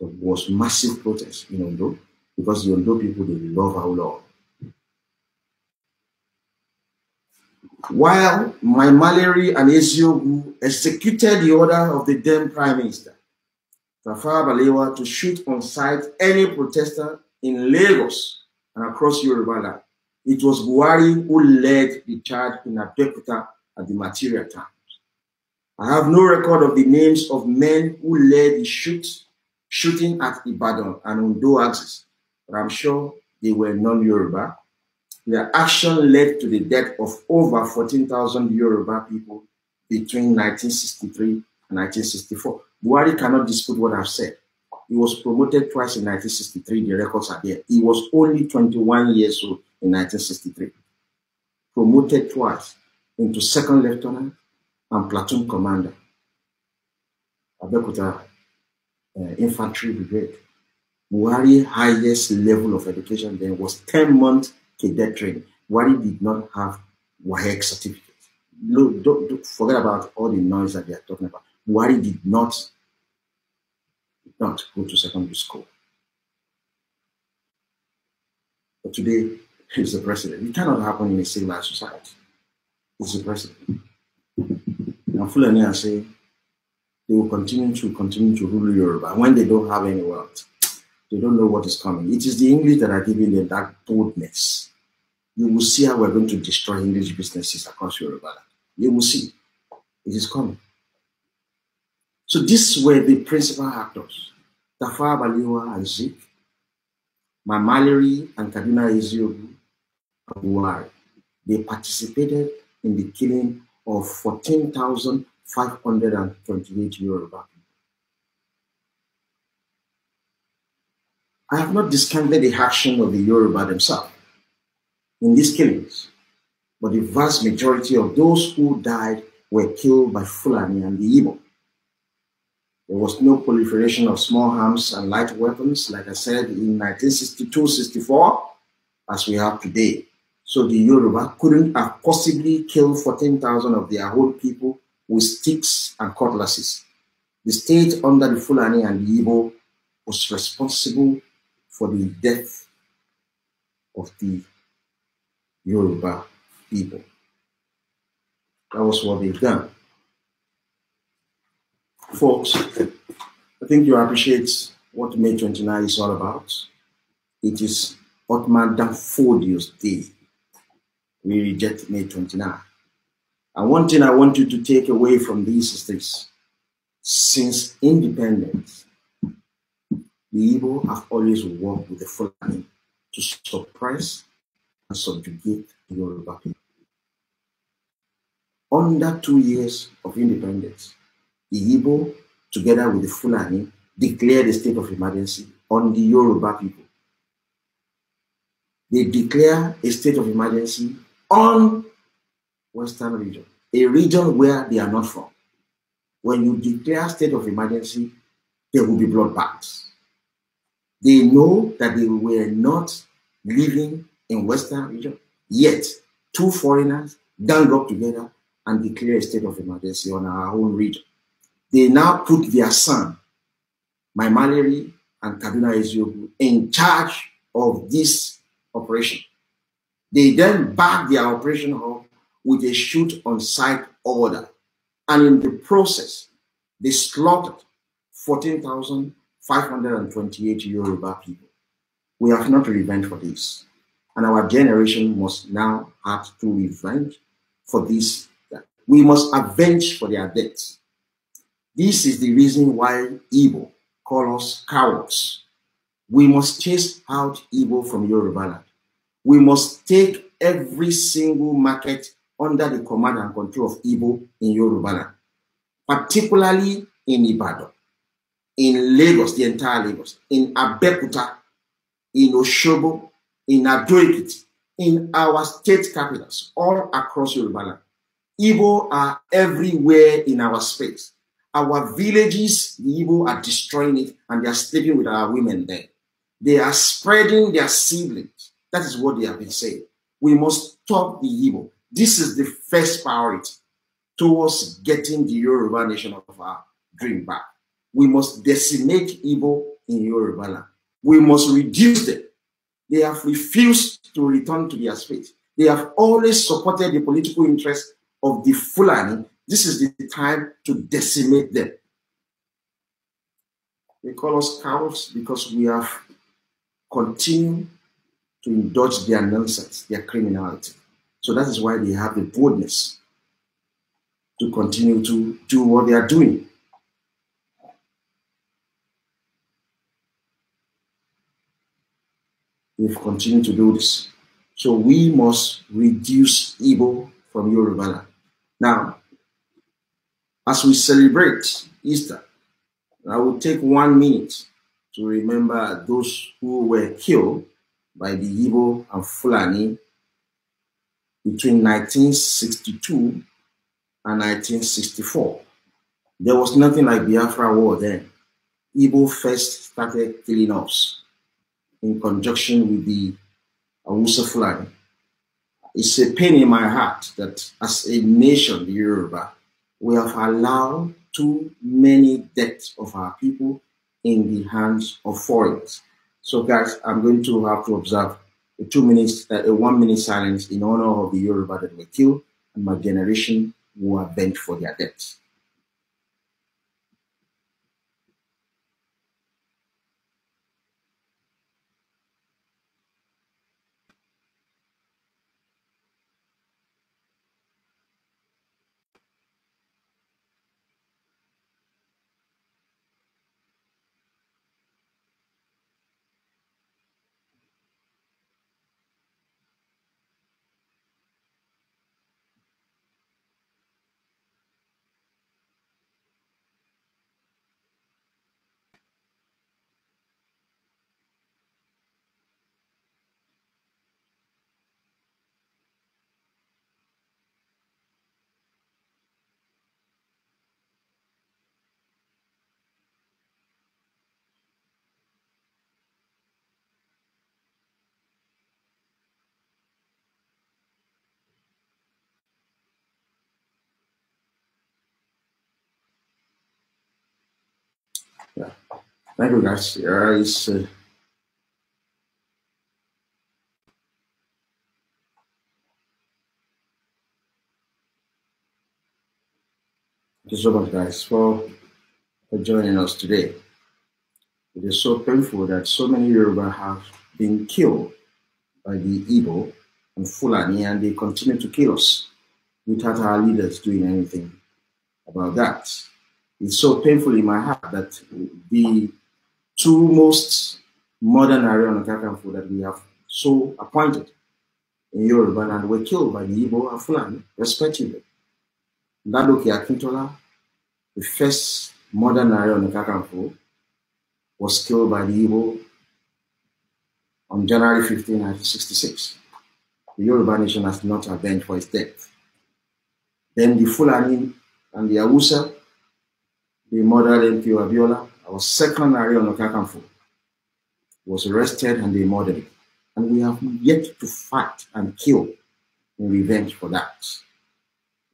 there was massive protest in Ondo because the Ondo people, they love our law. While my Malari and Eziogu executed the order of the then Prime Minister, Tafawa Balewa, to shoot on sight any protester in Lagos and across Yoruba It was Buhari who led the charge in Abeokuta at the material times. I have no record of the names of men who led the shoot shooting at Ibadan and Undo axis, but I'm sure they were non-Yoruba. Their action led to the death of over 14,000 Yoruba people between 1963 and 1964. Buhari cannot dispute what I've said. He was promoted twice in 1963. The records are there. He was only 21 years old in 1963. Promoted twice into second lieutenant and platoon commander. Abekuta uh, infantry brigade. Wari highest level of education then was 10 month cadet training. Wari did not have WAHEC certificate. Look, don't, don't, forget about all the noise that they are talking about. Wari did not, did not go to secondary school. But today, he's the president. It cannot happen in a civilized society. He's the president. Now, Fulani, I say, they will continue to continue to rule Europe. And when they don't have any wealth, they don't know what is coming. It is the English that are giving them that boldness. You will see how we're going to destroy English businesses across Europe. You will see. It is coming. So these were the principal actors. Tafa Baliwa and Zeke, Mamaliri and Kaduna Iziobu and Buhari. They participated in the killing of 14,000 528 euro back. I have not discounted the action of the Yoruba themselves in these killings, but the vast majority of those who died were killed by Fulani and the Igbo. There was no proliferation of small arms and light weapons, like I said, in 1962-64, as we have today. So the Yoruba couldn't have possibly killed 14,000 of their whole people with sticks and cutlasses. The state under the Fulani and the Igbo was responsible for the death of the Yoruba people. That was what they've done. Folks, I think you appreciate what May 29 is all about. It is Ottoman Danfodio's Day. We reject May 29. And one thing I want you to take away from this is this. Since independence, the Igbo have always worked with the Fulani to suppress and subjugate the Yoruba people. Under two years of independence, the Igbo, together with the Fulani, declared a state of emergency on the Yoruba people. They declare a state of emergency on Western region, a region where they are not from. When you declare state of emergency, there will be bloodbaths. They know that they were not living in Western region, yet two foreigners gang up together and declare a state of emergency on our own region. They now put their son, my Maleri and Kaduna Eziogu, in charge of this operation. They then back their operation with a shoot on sight order. And in the process, they slaughtered 14,528 Yoruba people. We have not revenge for this. And our generation must now have to revenge for this. We must avenge for their deaths. This is the reason why Igbo call us cowards. We must chase out Igbo from Yoruba land. We must take every single market under the command and control of Igbo in Yorubana, particularly in Ibadan, in Lagos, the entire Lagos, in Abeokuta, in Oshobo, in Adoekiti, in our state capitals, all across Yorubana, Igbo are everywhere in our space. Our villages, the Igbo are destroying it and they are sleeping with our women there. They are spreading their siblings. That is what they have been saying. We must stop the Igbo. This is the first priority towards getting the Yoruba nation of our dream back. We must decimate evil in Yoruba land. We must reduce them. They have refused to return to their space. They have always supported the political interests of the Fulani. This is the time to decimate them. They call us cowards because we have continued to indulge their nonsense, their criminality. So that is why they have the boldness to continue to do what they are doing. They've continued to do this. So we must reduce evil from Yoruba land. Now, as we celebrate Easter, I will take one minute to remember those who were killed by the Igbo and Fulani between 1962 and 1964. There was nothing like Biafra war then. Igbo first started killing us in conjunction with the Awusa Fulani. It's a pain in my heart that as a nation, the Yoruba, we have allowed too many deaths of our people in the hands of foreigners. So guys, I'm going to have to observe a two minutes, uh, a one minute silence in honor of the Yoruba that were killed and my generation who are bent for their deaths. Ecco ragazzi, Ice. Thank you so much, guys, for, for joining us today. It is so painful that so many Yoruba have been killed by the evil and Fulani, and they continue to kill us without our leaders doing anything about that. It's so painful in my heart that the two most modern the Onakakanfo that we have so appointed in Yoruba and were killed by the Igbo and Fulani, respectively. Ladoke Akintola, the first modern the Onakakanfo, was killed by the Igbo on January 15, 1966. The Yoruba nation has not avenged for his death. Then the Fulani and the Awusa, the murdered MP Abiola, our second Ariel Okakamfo was arrested and they murdered him. And we have yet to fight and kill in revenge for that.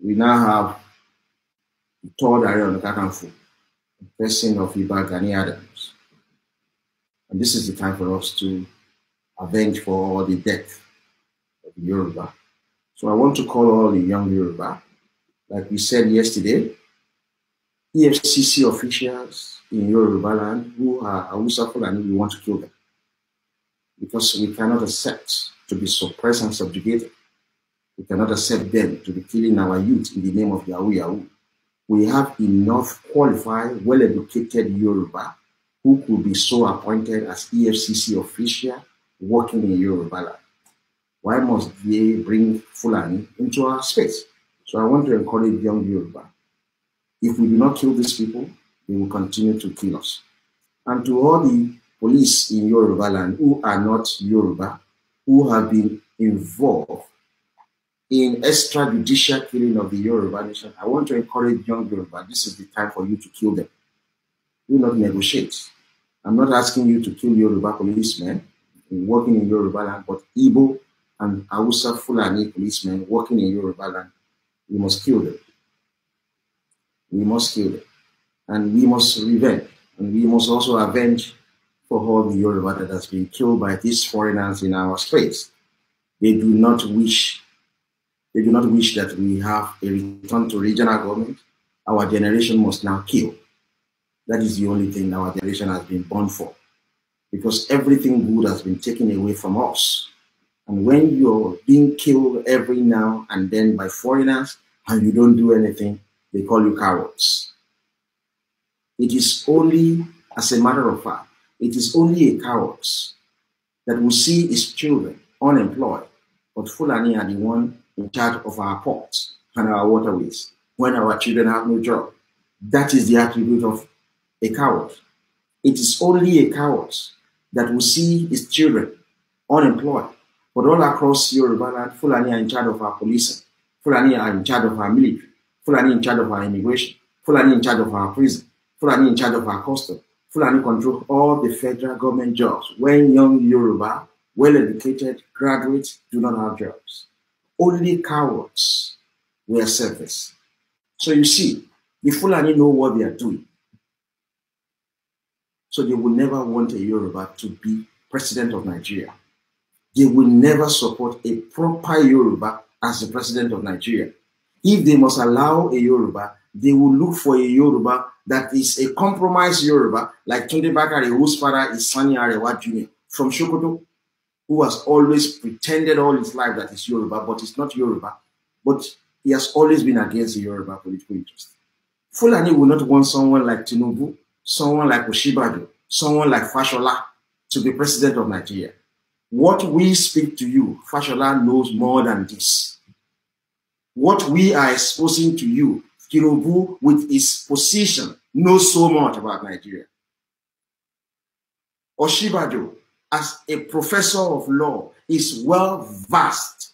We now have the third Ariel Okakamfo, the person of Iba Gani Adams. And this is the time for us to avenge for all the death of the Yoruba. So I want to call all the young Yoruba, like we said yesterday, EFCC officials in Yoruba land who are Hausa and we want to kill them. Because we cannot accept to be suppressed and subjugated. We cannot accept them to be killing our youth in the name of Yahoo Yahoo. We have enough qualified, well-educated Yoruba who could be so appointed as EFCC official working in Yoruba land. Why must they bring Fulani into our space? So I want to encourage young Yoruba if we do not kill these people, they will continue to kill us. And to all the police in Yoruba land who are not Yoruba, who have been involved in extrajudicial killing of the Yoruba nation, I want to encourage young Yoruba, this is the time for you to kill them. Do not negotiate. I'm not asking you to kill Yoruba policemen working in Yoruba land, but Igbo and Hausa Fulani policemen working in Yoruba land, you must kill them we must kill them. And we must revenge. And we must also avenge for all the Yoruba that has been killed by these foreigners in our space. They do not wish, they do not wish that we have a return to regional government. Our generation must now kill. That is the only thing our generation has been born for. Because everything good has been taken away from us. And when you're being killed every now and then by foreigners and you don't do anything, they call you cowards. It is only, as a matter of fact, it is only a coward that will see his children unemployed, but Fulani are the one in charge of our ports and our waterways when our children have no job. That is the attribute of a coward. It is only a coward that will see his children unemployed, but all across Yoruba land, Fulani are in charge of our police, Fulani are in charge of our military, Fulani in charge of our immigration, Fulani in charge of our prison, Fulani in charge of our custom, Fulani control all the federal government jobs when young Yoruba, well-educated graduates do not have jobs. Only cowards wear service. So you see, the Fulani know what they are doing. So they will never want a Yoruba to be president of Nigeria. They will never support a proper Yoruba as the president of Nigeria. If they must allow a Yoruba, they will look for a Yoruba that is a compromised Yoruba, like Tunde Bakari, whose father is Sani Arewa Jr. from Shokoto, who has always pretended all his life that he's Yoruba, but he's not Yoruba. But he has always been against the Yoruba political interest. Fulani will not want someone like Tinubu, someone like Oshibado, someone like Fashola to be president of Nigeria. What we speak to you, Fashola knows more than this what we are exposing to you, Kirobu, with his position, knows so much about Nigeria. Oshibajo, as a professor of law, is well versed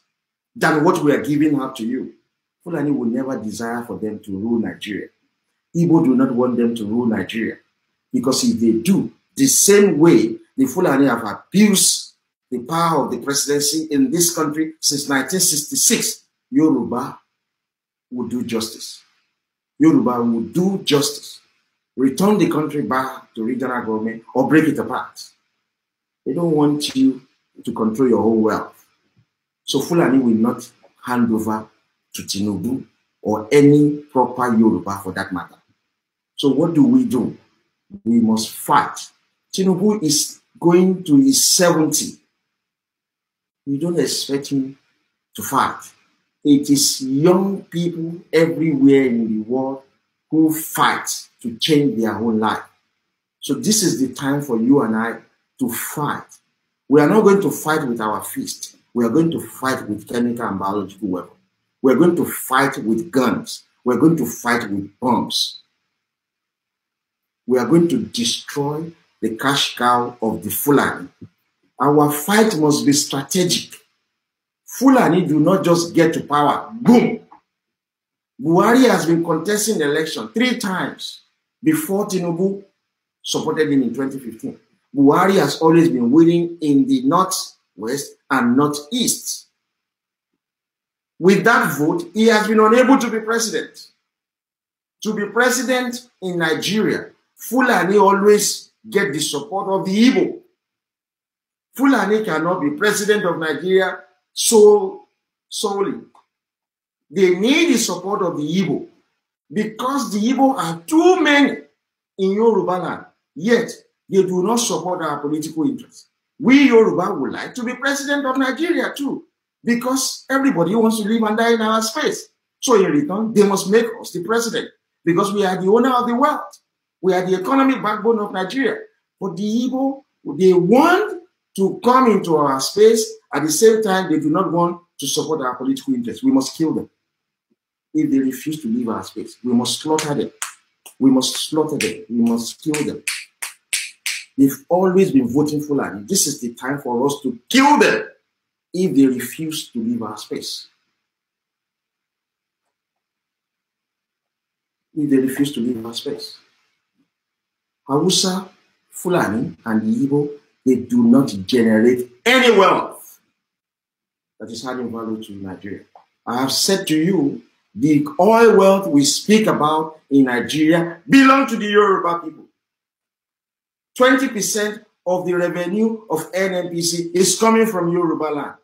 than what we are giving out to you. Fulani will never desire for them to rule Nigeria. Igbo do not want them to rule Nigeria. Because if they do, the same way the Fulani have abused the power of the presidency in this country since 1966, Yoruba will do justice. Yoruba will do justice. Return the country back to regional government or break it apart. They don't want you to control your own wealth. So Fulani will not hand over to Tinubu or any proper Yoruba for that matter. So what do we do? We must fight. Tinubu is going to his 70. You don't expect him to fight. It is young people everywhere in the world who fight to change their own life. So this is the time for you and I to fight. We are not going to fight with our fist. We are going to fight with chemical and biological weapons. We're going to fight with guns. We're going to fight with bombs. We are going to destroy the cash cow of the Fulani. Our fight must be strategic. Fulani do not just get to power. Boom. Buhari has been contesting the election three times before Tinubu supported him in 2015. Buhari has always been winning in the northwest and northeast. With that vote, he has been unable to be president. To be president in Nigeria, Fulani always get the support of the Igbo. Fulani cannot be president of Nigeria so solely. They need the support of the Igbo because the Igbo are too many in Yoruba land, yet they do not support our political interests. We Yoruba would like to be president of Nigeria too because everybody wants to live and die in our space. So in return, they must make us the president because we are the owner of the wealth. We are the economic backbone of Nigeria. But the Igbo, they want to come into our space. At the same time, they do not want to support our political interests. We must kill them. If they refuse to leave our space, we must slaughter them. We must slaughter them. We must kill them. They've always been voting for land. This is the time for us to kill them if they refuse to leave our space. If they refuse to leave our space. Hausa, Fulani, and the Igbo they do not generate any wealth that is adding value to Nigeria. I have said to you, the oil wealth we speak about in Nigeria belong to the Yoruba people. 20% of the revenue of NNPC is coming from Yoruba land.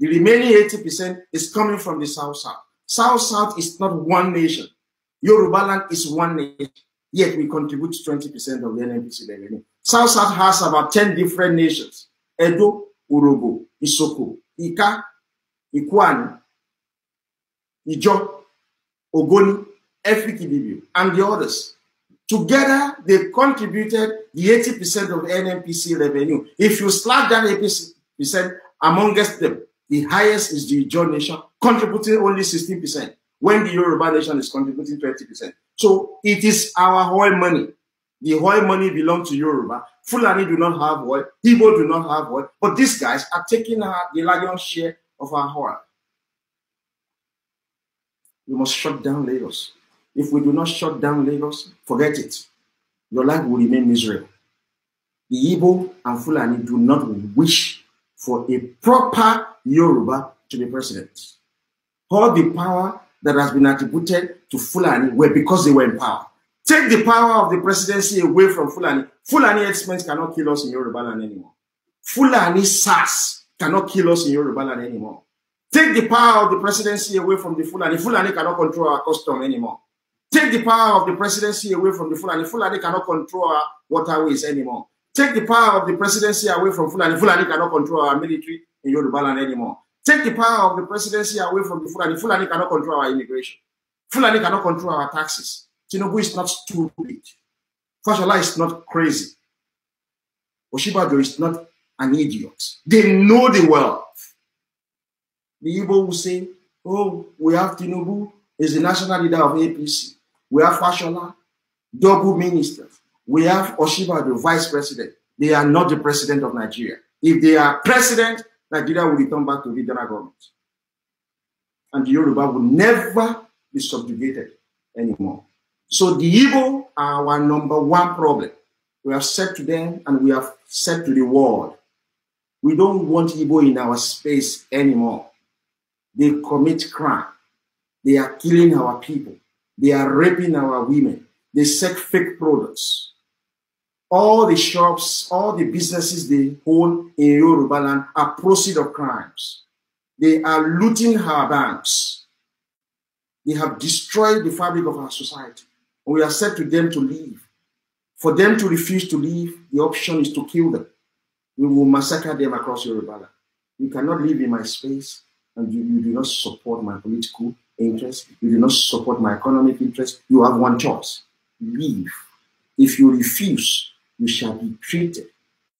The remaining 80% is coming from the South South. South South is not one nation. Yoruba land is one nation. Yet we contribute 20% of the NNPC revenue. South South has about 10 different nations. Edo, Urobo, Isoko, Ika, Ikwani, Ijo, Ogoni, Efikidibio, and the others. Together, they contributed the 80% of NNPC revenue. If you slap that 80% amongst them, the highest is the Ijo nation, contributing only 16%, when the Yoruba nation is contributing 20%. So it is our whole money the white money belongs to Yoruba. Fulani do not have oil. People do not have oil. But these guys are taking our, the lion's share of our oil. We must shut down Lagos. If we do not shut down Lagos, forget it. Your life will remain miserable. The Igbo and Fulani do not wish for a proper Yoruba to be president. All the power that has been attributed to Fulani were because they were in power. Take the power of the presidency away from Fulani. Fulani experts cannot kill us in Yoruba land anymore. Fulani SARS cannot kill us in Yoruba land anymore. Take the power of the presidency away from the Fulani. Fulani cannot control our custom anymore. Take the power of the presidency away from the Fulani. Fulani cannot control our waterways anymore. Take the power of the presidency away from Fulani. Fulani cannot control our military in Yoruba land anymore. Take the power of the presidency away from the Fulani. Fulani cannot control our immigration. Fulani cannot control our taxes. Tinubu is not stupid. Fashola is not crazy. Oshibado is not an idiot. They know the wealth. The Igbo will say, oh, we have Tinubu is the national leader of APC. We have Fashola, double minister. We have the vice president. They are not the president of Nigeria. If they are president, Nigeria will return back to the regional government. And the Yoruba will never be subjugated anymore. So the evil are our number one problem. We have said to them and we have said to the world, we don't want evil in our space anymore. They commit crime. They are killing our people. They are raping our women. They sell fake products. All the shops, all the businesses they own in Yoruba land are proceeds of crimes. They are looting our banks. They have destroyed the fabric of our society we have said to them to leave. For them to refuse to leave, the option is to kill them. We will massacre them across Yoruba land. You cannot live in my space, and you, you do not support my political interests. You do not support my economic interests. You have one choice: leave. If you refuse, you shall be treated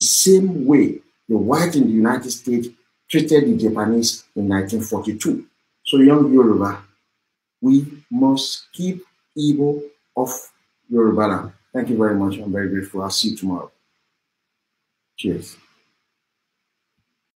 the same way the white in the United States treated the Japanese in 1942. So, young Yoruba, we must keep evil of Yoruba land. Thank you very much. I'm very grateful. I'll see you tomorrow. Cheers.